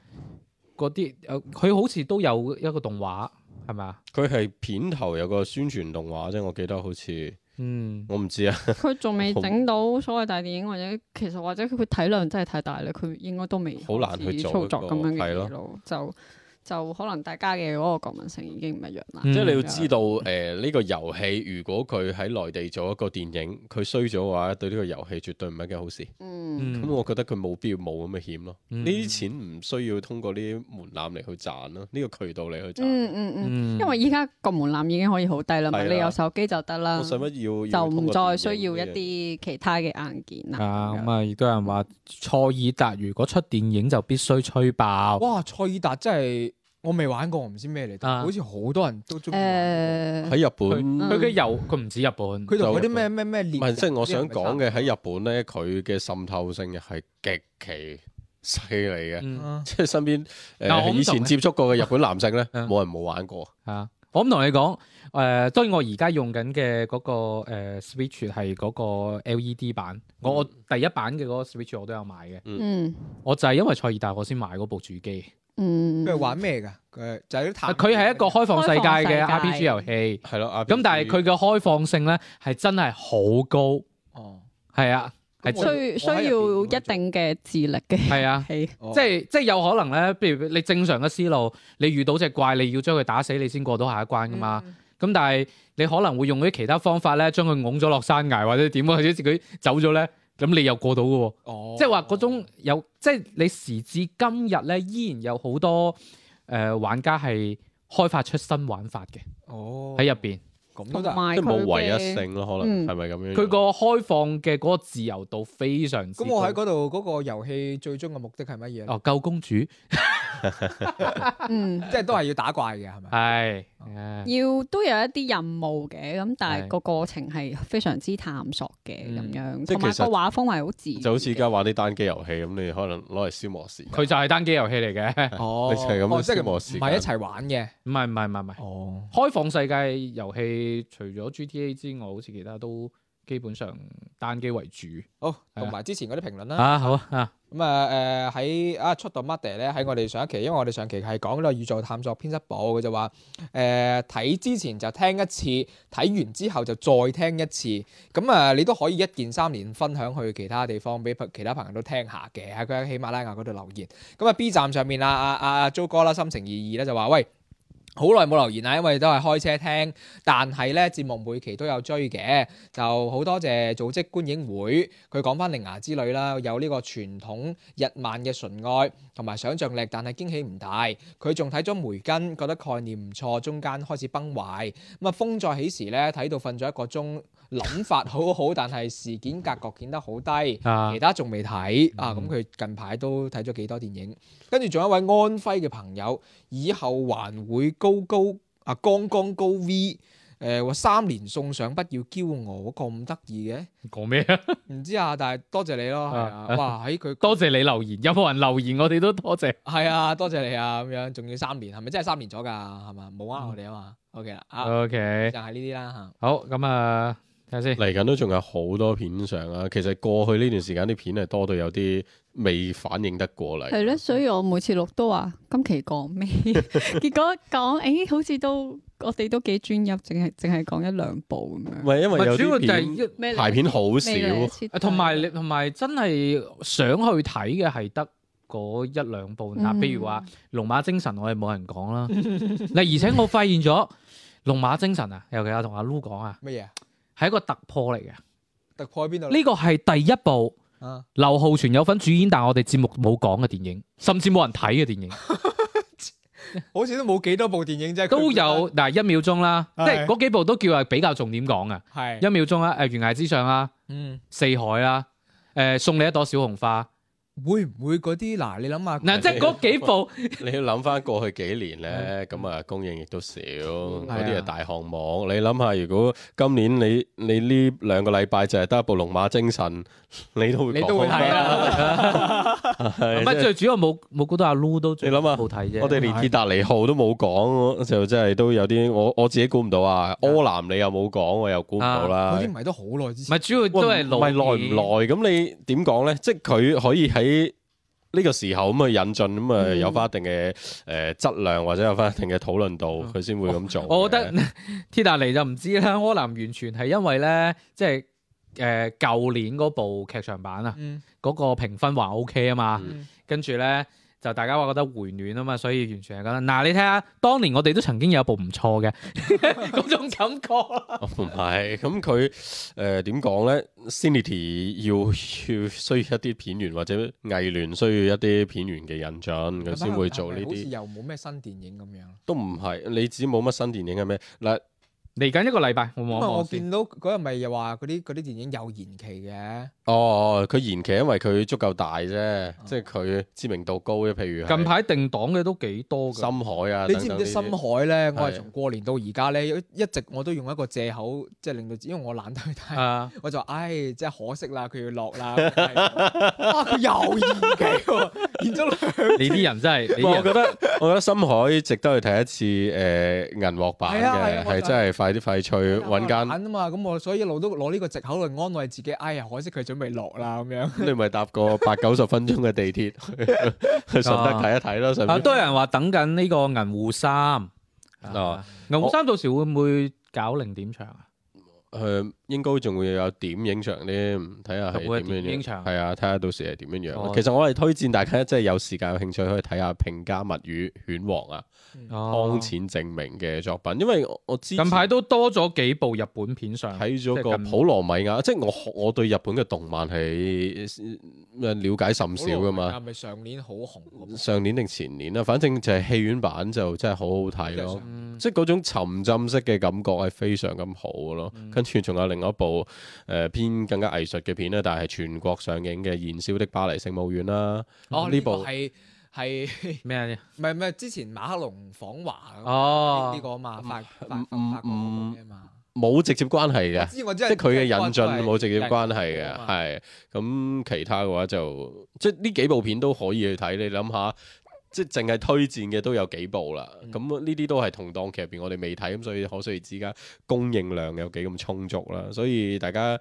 嗰啲，誒，佢、呃、好似都有一個動畫，係咪啊？佢係片頭有個宣傳動畫啫，我記得好似，嗯，我唔知啊。佢仲未整到所謂大電影，我或者其實或者佢體量真係太大咧，佢應該都未好難去做咁樣嘅路的就。就可能大家嘅嗰個國民性已經唔一樣啦。即係你要知道，誒，呢個遊戲如果佢喺內地做一個電影，佢衰咗嘅話，對呢個遊戲絕對唔係一件好事。嗯，咁我覺得佢冇必要冒咁嘅險咯。呢啲錢唔需要通過呢啲門檻嚟去賺咯，呢個渠道嚟去賺。嗯嗯嗯，因為依家個門檻已經可以好低啦嘛，你有手機就得啦。使乜要就唔再需要一啲其他嘅硬件啊？咁啊，亦都有人話，塞爾達如果出電影就必須吹爆。哇，塞爾達真係。我未玩過，我唔知咩嚟。但係好似好多人都中意喺日本，佢嘅遊佢唔止日本，佢同嗰啲咩咩咩。即係我想講嘅喺日本咧，佢嘅滲透性係極其犀利嘅。即係身邊誒以前接觸過嘅日本男性咧，冇人冇玩過。係我咁同你講誒。當然我而家用緊嘅嗰個 Switch 係嗰個 LED 版。我第一版嘅嗰個 Switch 我都有買嘅。嗯，我就係因為賽爾達我先買嗰部主機。嗯，佢係玩咩噶？佢就係佢係一個開放世界嘅 RPG 遊戲，係咯。咁但係佢嘅開放性咧，係真係好高。哦，係啊，係需要需要一定嘅智力嘅。係啊，哦、即係即係有可能咧。譬如你正常嘅思路，你遇到隻怪，你要將佢打死，你先過到下一關噶嘛。咁、嗯、但係你可能會用啲其他方法咧，將佢㧬咗落山崖，或者點或者自己走咗咧。咁你又過到嘅喎，即係話嗰種有，即、就、係、是、你時至今日咧，依然有好多誒、呃、玩家係開發出新玩法嘅，喺入邊，面即係冇唯一性咯，嗯、可能係咪咁樣？佢個開放嘅嗰個自由度非常之高。咁我喺嗰度嗰個遊戲最終嘅目的係乜嘢？哦，救公主。 嗯，即係都係要打怪嘅，係咪？係是、哦、要都有一啲任務嘅，咁但係個過程係非常之探索嘅咁、嗯、樣。同埋其實個畫風係好自然。就好似而家玩啲單機遊戲咁，你可能攞嚟消磨時。佢就係單機遊戲嚟嘅。哦， 哦，即係咁樣消磨時。唔係一齊玩嘅，唔係唔係唔係。哦，開放世界遊戲除咗 GTA 之外，好似其他都。基本上單機為主，好，同埋之前嗰啲評論啦，啊好啊，咁啊誒喺啊出到乜 day 咧？喺我哋上一期，因為我哋上一期係講咧宇宙探索編輯部，佢就話誒睇之前就聽一次，睇完之後就再聽一次，咁啊你都可以一鍵三連分享去其他地方俾其他朋友都聽下嘅，喺佢喺喜馬拉雅嗰度留言，咁啊 B 站上面啊啊阿、啊啊、Jo 哥啦，心情二二咧就話喂。好耐冇留言啦，因為都係開車聽，但係咧節目每期都有追嘅，就好多謝組織觀影會。佢講返《鈴芽之旅》啦，有呢個傳統日漫嘅純愛同埋想像力，但係驚喜唔大。佢仲睇咗《梅根》，覺得概念唔錯，中間開始崩壞。咁啊，風再起時咧睇到瞓咗一個鐘。諗法好好，但係事件格局顯得好低，其他仲未睇啊。咁佢近排都睇咗幾多電影，跟住仲有一位安徽嘅朋友，以後還會高高啊，剛剛高 V，誒三年送上不要驕傲，咁得意嘅講咩啊？唔知啊，但係多謝你咯，係啊，哇，喺佢多謝你留言，有冇人留言我哋都多謝，係啊，多謝你啊，咁樣仲要三年，係咪真係三年咗㗎？係嘛，冇啊，我哋啊嘛，OK 啦，OK，就係呢啲啦嚇。好，咁啊。睇先，嚟緊都仲有好多片上啊！其實過去呢段時間啲片係多到有啲未反應得過嚟。係咯，所以我每次錄都話今期講咩， 結果講誒、欸、好似都我哋都幾專一，淨係淨係講一兩部咁樣。唔係，因為有啲片，主要就係排片好少，同埋同埋真係想去睇嘅係得嗰一兩部。嗱、嗯，譬如話《龍馬精神》，我哋冇人講啦。嗱，而且我發現咗《龍馬精神》啊，尤其我同阿 Lu 講啊，乜嘢麼？係一個突破嚟嘅，突破喺邊度？呢個係第一部劉浩存有份主演，但係我哋節目冇講嘅電影，甚至冇人睇嘅電影， 好似都冇幾多部電影啫。都有，但係一秒鐘啦，是即係嗰幾部都叫係比較重點講嘅。係是一秒鐘啦，誒、呃，懸崖之上啦，嗯，四海啦，誒、呃，送你一朵小紅花。會唔會嗰啲嗱？你諗下嗱，即係嗰幾部，你要諗翻過去幾年咧，咁啊 供應亦都少，嗰啲係大項目。你諗下，如果今年你你呢兩個禮拜就係得一部《龍馬精神，》 你都會你都會睇 啊。 唔係最主要冇冇估到阿 Lu 都，你諗下，冇睇啫。我哋連鐵達尼號都冇講，就真係都有啲。我我自己估唔到啊。柯南你又冇講，我又估唔到啦。已經唔埋咗好耐之前。唔係主要都係耐唔耐，咁你點講咧？即係佢可以喺呢個時候咁去引進，咁啊有翻一定嘅誒質量，或者有翻一定嘅討論度，佢先會咁做。我覺得鐵達尼就唔知啦。柯南完全係因為咧，即係。誒舊、呃、年嗰部劇場版啊，嗰、嗯、個評分還 OK 啊嘛，嗯、跟住咧就大家話覺得回暖啊嘛，所以完全係、就、咁、是、啦。嗱，你睇下，當年我哋都曾經有一部唔錯嘅嗰 種感覺、 啊。唔係，咁佢誒點講咧？Cinity 要要需要一啲片源或者藝聯需要一啲片源嘅印象，佢先會做呢啲。又冇咩新電影咁樣？都唔係，你自己冇乜新電影係咩？嗱。嚟緊一個禮拜，因為我見到嗰日咪又話嗰啲嗰啲電影有延期嘅。哦，佢延期因為佢足夠大啫，即係佢知名度高嘅。譬如近排定檔嘅都幾多㗎。深海啊，你知唔知深海咧？我係從過年到而家咧，一直我都用一個借口，即係令到，因為我懶得去睇，我就話唉，真係可惜啦，佢要落啦，哇，佢又延期，延咗兩年。你啲人真係，我覺得我覺得深海值得去睇一次誒銀幕版嘅，係真係。快啲廢脆揾間。揾啊、哎、嘛，咁我所以一路都攞呢個藉口嚟安慰自己。哎呀，可惜佢準備落啦咁樣。 你咪搭個八九十分鐘嘅地鐵去 順德睇一睇咯。順德。啊，多人話等緊呢個銀湖三。啊，銀湖三到時會唔會搞零點場啊？哦誒應該仲會有點影像添，睇下係點樣影，係啊，睇下到時係點樣樣。哦、其實我係推薦大家，即係、嗯、有時間、有興趣可以睇下《平家物語》、《犬王》啊，嗯《湯、哦、淺政明》嘅作品，因為我知近排都多咗幾部日本片上。睇咗個《普羅米亞》即，即係我我對日本嘅動漫係了解甚少㗎嘛。係咪上年好紅？上年定前年啦，反正就係戲院版就真係好好睇咯，嗯、即係嗰種沉浸式嘅感覺係非常咁好咯。嗯仲有另外一部誒，偏更加藝術嘅片咧，但係全國上映嘅《燃燒的巴黎聖母院》啦。哦，呢部係係咩咧？唔係唔係，之前馬克龍訪華咁哦，呢個啊嘛，法法法法國嘅嘛，冇直接關係嘅。知我知，即係佢嘅引進冇直接關係嘅，係咁其他嘅話就即係呢幾部片都可以去睇，你諗下。即係淨係推薦嘅都有幾部啦，咁呢啲都係同檔劇入邊我哋未睇，咁所以可想而知而家供應量有幾咁充足啦。嗯、所以大家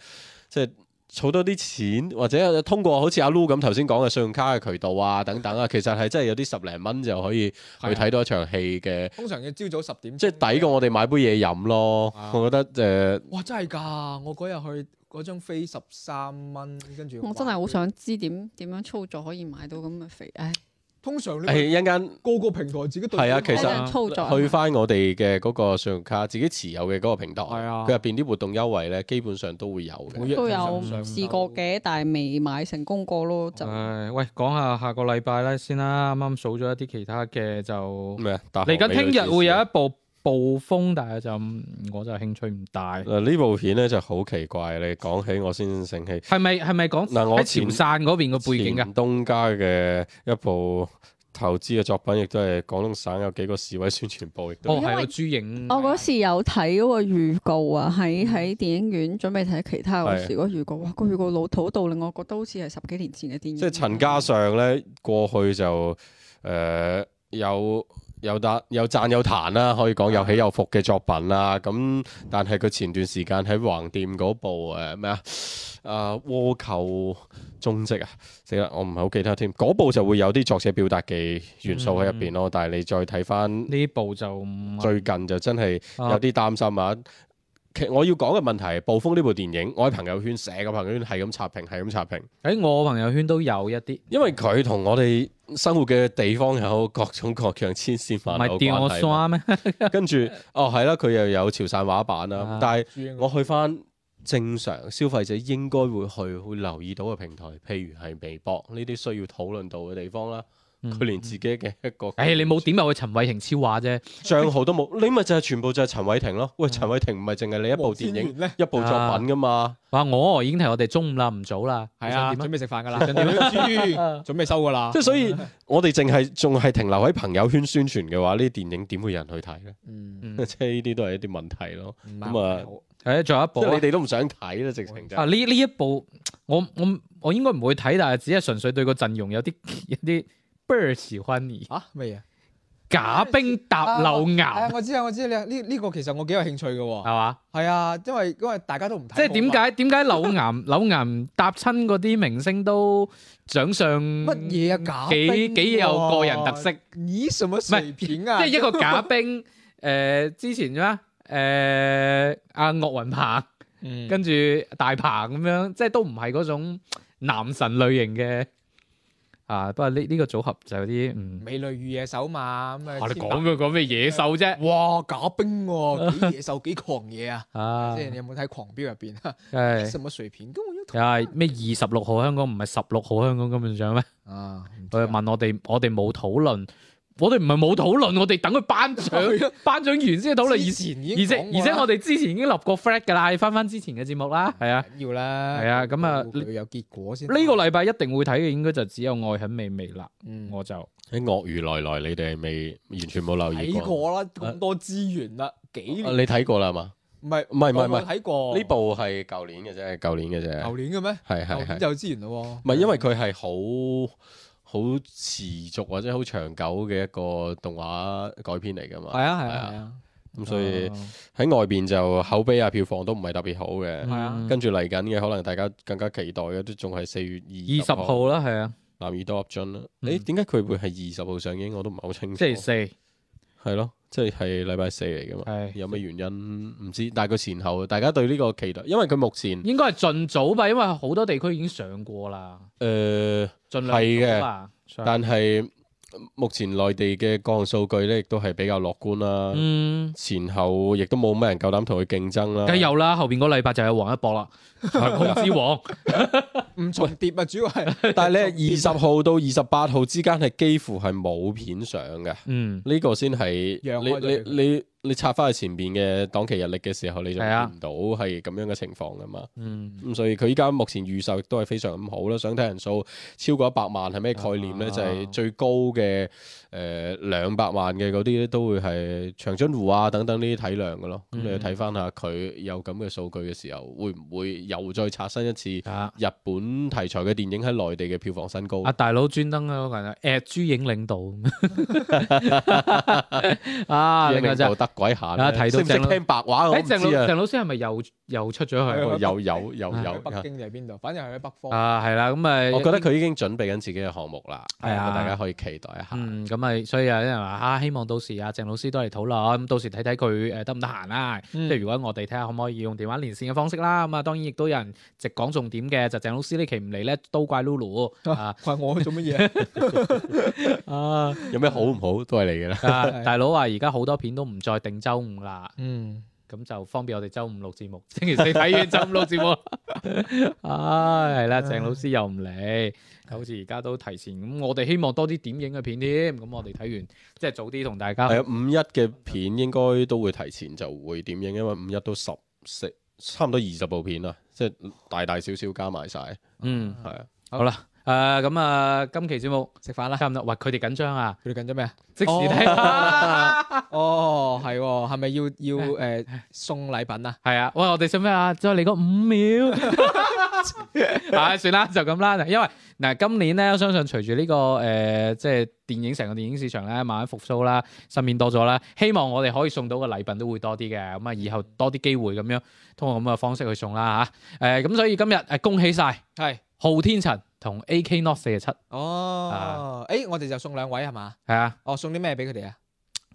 即係儲多啲錢，或者通過好似阿 Lu 咁頭先講嘅信用卡嘅渠道啊，等等啊，其實係真係有啲十零蚊就可以去睇到一場戲嘅、啊。通常嘅朝早十點，即係抵過我哋買杯嘢飲咯。啊、我覺得誒，呃、哇真係㗎！我嗰日去嗰張飛十三蚊，跟住我真係好想知點點樣，樣操作可以買到咁嘅飛。通常咧係一間個個平台自己都個人操作，啊啊、去翻我哋嘅嗰個信用卡、啊、自己持有嘅嗰個平台，佢入邊啲活動優惠咧，基本上都會有嘅。都有、嗯、試過嘅，但係未買成功過咯。就係、哎、喂，講下下個禮拜咧先啦。啱啱數咗一啲其他嘅就咩啊？嚟緊聽日會有一部。暴風，但係就我就興趣唔大。嗱，呢部片咧就好奇怪，你講起我先醒起。係咪係咪講喺潛山嗰邊個背景啊？東家嘅一部投資嘅作品，亦都係廣東省有幾個市委宣傳部都。哦，係喺珠影。我嗰時有睇嗰個預告啊，喺喺電影院準備睇其他嗰時預，嗰個預告哇，個預告老土到令我覺得好似係十幾年前嘅電影。即係陳嘉上咧過去就誒、呃、有。有打有讚有彈啦，可以講有起有伏嘅作品啦。咁、嗯、但係佢前段時間喺橫店嗰部誒咩啊？誒，倭寇蹤跡啊，死啦！我唔係好記得添。嗰部就會有啲作者表達嘅元素喺入邊咯。嗯、但係你再睇翻，呢部就最近就真係有啲擔心啊。其實我要講嘅問題，暴風呢部電影，我喺朋友圈，成個朋友圈係咁刷屏，係咁刷屏。喺、欸、我朋友圈都有一啲，因為佢同我哋生活嘅地方有各種各樣千絲萬縷關係。唔係吊我刷咩？ 跟住哦，係啦，佢又有潮汕話版啦。 但係我去翻正常消費者應該會去會留意到嘅平台，譬如係微博呢啲需要討論到嘅地方啦。佢連自己嘅一個，哎，你冇點入去陳偉霆超話啫，帳號都冇，你咪就係全部就係陳偉霆咯。喂，陳偉霆唔係淨係你一部電影一部作品噶嘛？哇，我已經係我哋中午啦，唔早啦，係啊，準備食飯噶啦，準備收噶啦，即係所以我哋淨係仲係停留喺朋友圈宣傳嘅話，呢啲電影點會有人去睇咧？即係呢啲都係一啲問題咯。咁啊，係啊，仲有一部你哋都唔想睇啦，直情就啊呢呢一部我我我應該唔會睇，但係只係純粹對個陣容有啲有啲。邊個喜歡啊？乜嘢？賈冰搭柳岩。我知啊，我、哎、我知你呢呢個其實我幾有興趣嘅。係嘛吧？係啊，因為因為大家都唔睇。即係點解點解柳岩 柳岩搭親嗰啲明星都長相乜嘢啊？賈冰幾幾有個人特色。咦、啊？什麼水平啊？即係一個賈冰。誒、 呃，之前咩誒阿岳雲鵬，嗯、跟住大鵬咁樣，即係都唔係嗰種男神類型嘅。啊，不過呢呢個組合就有啲嗯，美女與野，、啊、野獸嘛咁啊，我哋講咩講咩野獸啫？哇，賈冰喎、啊，野獸幾狂野啊！ 啊，即係你有冇睇《狂飆》入邊啊？係什麼水平、啊？根本就係咩二十六號香港，唔係十六號香港，根本上咩？啊，佢、啊、問我哋，我哋冇討論。我哋唔係冇討論，我哋等佢頒獎，頒獎完先討論。以前已經，而且而且我哋之前已經立過 flag 噶啦，翻翻之前嘅節目啦，係啊，要啦，係啊，咁啊，要有結果先。呢個禮拜一定會睇嘅，應該就只有《愛很美味》啦。嗯，我就喺《鱷魚來來》，你哋未完全冇留意過啦。睇過啦，咁多資源啦，幾你睇過啦嘛？唔係唔係唔係唔係睇過呢部係舊年嘅啫，舊年嘅啫。舊年嘅咩？係係係。舊年有資源咯。唔係因為佢係好。好持續或者好長久嘅一個動畫改編嚟㗎嘛，係啊係啊咁、啊嗯、所以喺外邊就口碑啊票房都唔係特別好嘅，係啊跟住嚟緊嘅可能大家更加期待嘅都仲係四月二二十號啦，係啊《男兒當入樽》啦、嗯，誒點解佢會係二十號上映我都唔係好清楚。星期四。係咯，即係禮拜四嚟噶嘛？的有咩原因唔知？但係佢前後大家對呢個期待，因為佢目前應該係盡早吧，因為好多地區已經上過啦。誒、呃，盡量早啊！的了但係。目前內地嘅各項數據咧，亦都係比較樂觀啦。嗯，前後亦都冇乜人夠膽同佢競爭啦。梗有啦，後邊個禮拜就有王一博啦。長空之王唔 重疊啊，主要係。 但係呢二十號到二十八號之間係幾乎係冇片上嘅。嗯，呢個先係。你插翻去前邊嘅檔期日曆嘅時候，你就睇唔到係咁樣嘅情況噶嘛？咁、嗯、所以佢依家目前預售都係非常咁好啦。想睇人數超過一百萬係咩概念咧？啊、就係最高嘅誒兩百萬嘅嗰啲都會係長津湖啊等等呢啲體量噶咯。咁、嗯、你睇翻下佢有咁嘅數據嘅時候，會唔會又再刷新一次日本題材嘅電影喺內地嘅票房新高？阿、啊、大佬專登咧，at 珠影領導 啊，得、啊、～鬼下，啊！睇到正識聽白話，咁唔知啊？鄭老鄭老師係咪又又出咗去？又有又有北京定係邊度？反正係喺北方啊！係啦，咁咪我覺得佢已經準備緊自己嘅項目啦，係啊，大家可以期待一下。咁咪所以有啲人話啊，希望到時啊，鄭老師都嚟討論。咁到時睇睇佢誒得唔得閒啊？即係如果我哋睇下可唔可以用電話連線嘅方式啦。咁啊，當然亦都有人直講重點嘅，就鄭老師呢期唔嚟咧，都怪 Lulu 啊！怪我做乜嘢啊？有咩好唔好都係你嘅啦。大佬話而家好多片都唔再。定周五啦，嗯，咁就方便我哋周五錄節目。星期四睇完，周五錄節目。唉、 啊，係啦，鄭老師又唔嚟， 好似而家都提前咁。我哋希望多啲點，點映嘅片添。咁我哋睇完即係早啲同大家。係啊，五一嘅片應該都會提前就會點映，因為五一都十四差唔多二十部片啦，即係大大小小加埋晒。嗯，係啊的，好啦。誒，咁啊、呃，今期節目食飯啦，差唔多。喂，佢哋緊張啊？佢哋緊張咩啊？即時睇啦。哦，係，係咪要要誒送禮品啊？係啊。喂，我哋送咩啊？再嚟個五秒。 唉、 啊，算啦，就咁啦。因為嗱、嗯，今年咧，我相信隨住呢個誒，即係電影成個電影市場咧，慢慢復甦啦，新片多咗啦，希望我哋可以送到嘅禮品都會多啲嘅。咁啊，以後多啲機會咁樣，通過咁嘅方式去送啦吓。誒、啊、咁、呃、所以今日誒、呃，恭喜晒，係昊是天塵。同 A.K. Note 四十七哦，誒，我哋就送兩位係嘛？係啊，哦，送啲咩俾佢哋啊？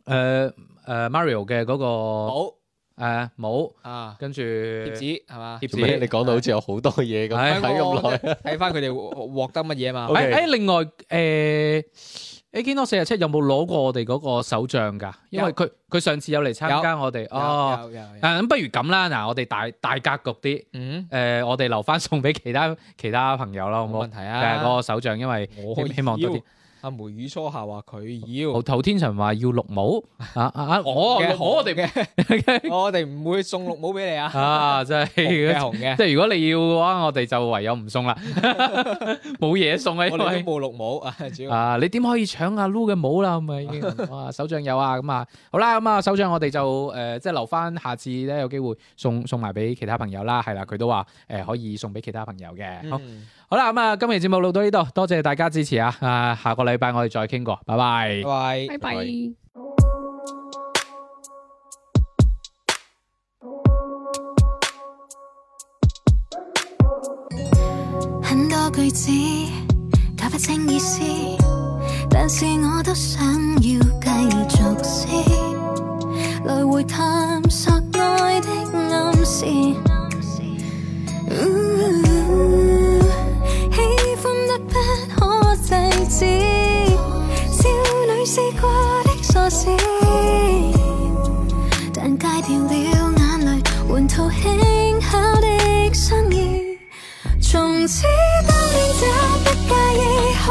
誒誒，Mario 嘅嗰個帽，誒帽啊，跟住貼紙係嘛？貼紙你講到好似有好多嘢咁，睇咁耐，睇翻佢哋獲得乜嘢啊嘛？誒，另外誒。A 見到四十七有冇攞過我哋嗰個手杖㗎？有因為佢佢上次有嚟參加我哋有哦。誒咁、嗯、不如咁啦，嗱我哋大大格局啲。嗯誒、呃，我哋留返送俾其他其他朋友啦，好冇問題啊？誒嗰、嗯那個手杖，因為我要 希望多啲。阿梅雨初夏話佢要，陶天臣話要綠帽， 啊啊的我的 我哋嘅，我哋唔會送綠帽俾你啊， 啊真係，即、就、係、是、的 如果你要嘅話，我哋就唯有唔送啦，冇 嘢送喺 我哋都冇綠帽 啊，啊你點可以搶阿 Loo 嘅帽啦，咁 啊，哇手掌有啊，咁、嗯、啊好啦，咁啊手掌我哋就誒即係留翻，下次咧有機會送送埋俾其他朋友啦，係啦，佢都話誒可以送俾其他朋友嘅。好嗯好啦，咁啊，今日節目錄到呢度，多謝大家支持啊！啊、呃，下個禮拜我哋再傾過，拜拜，bye bye 拜拜，拜。很多句子搞不清意思，但是我都想要繼續試，來回探索愛的暗示。少女試過的傻事，但戒掉了眼淚，換套輕巧的新衣。從此單戀者不介意。可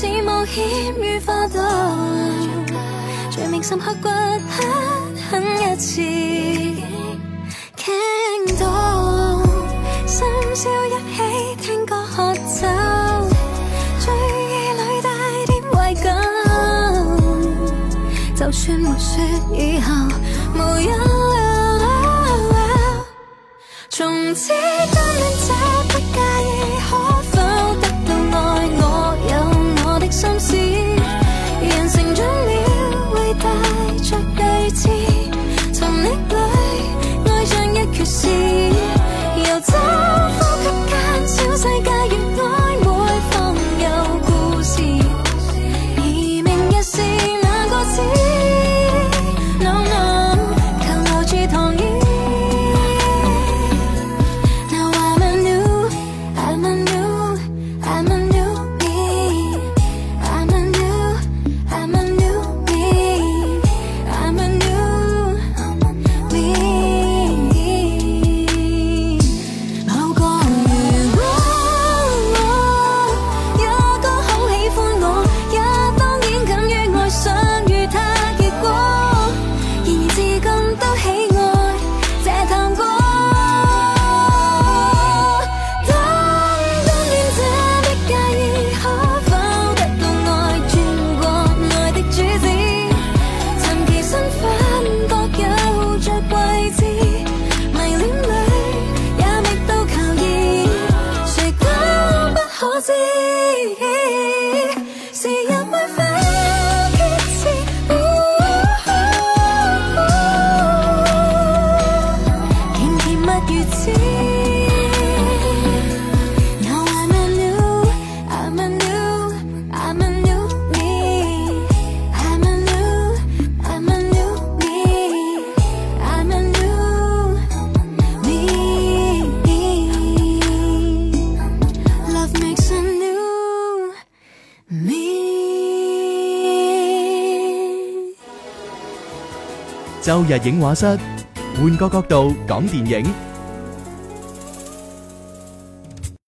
似冒險於花都，最銘心刻骨，狠狠一次傾倒。深宵一起聽歌喝酒，醉意裏帶點懷舊，就算沒說以後無憂了，哦哦，從此。日影畫室，換個角度講電影。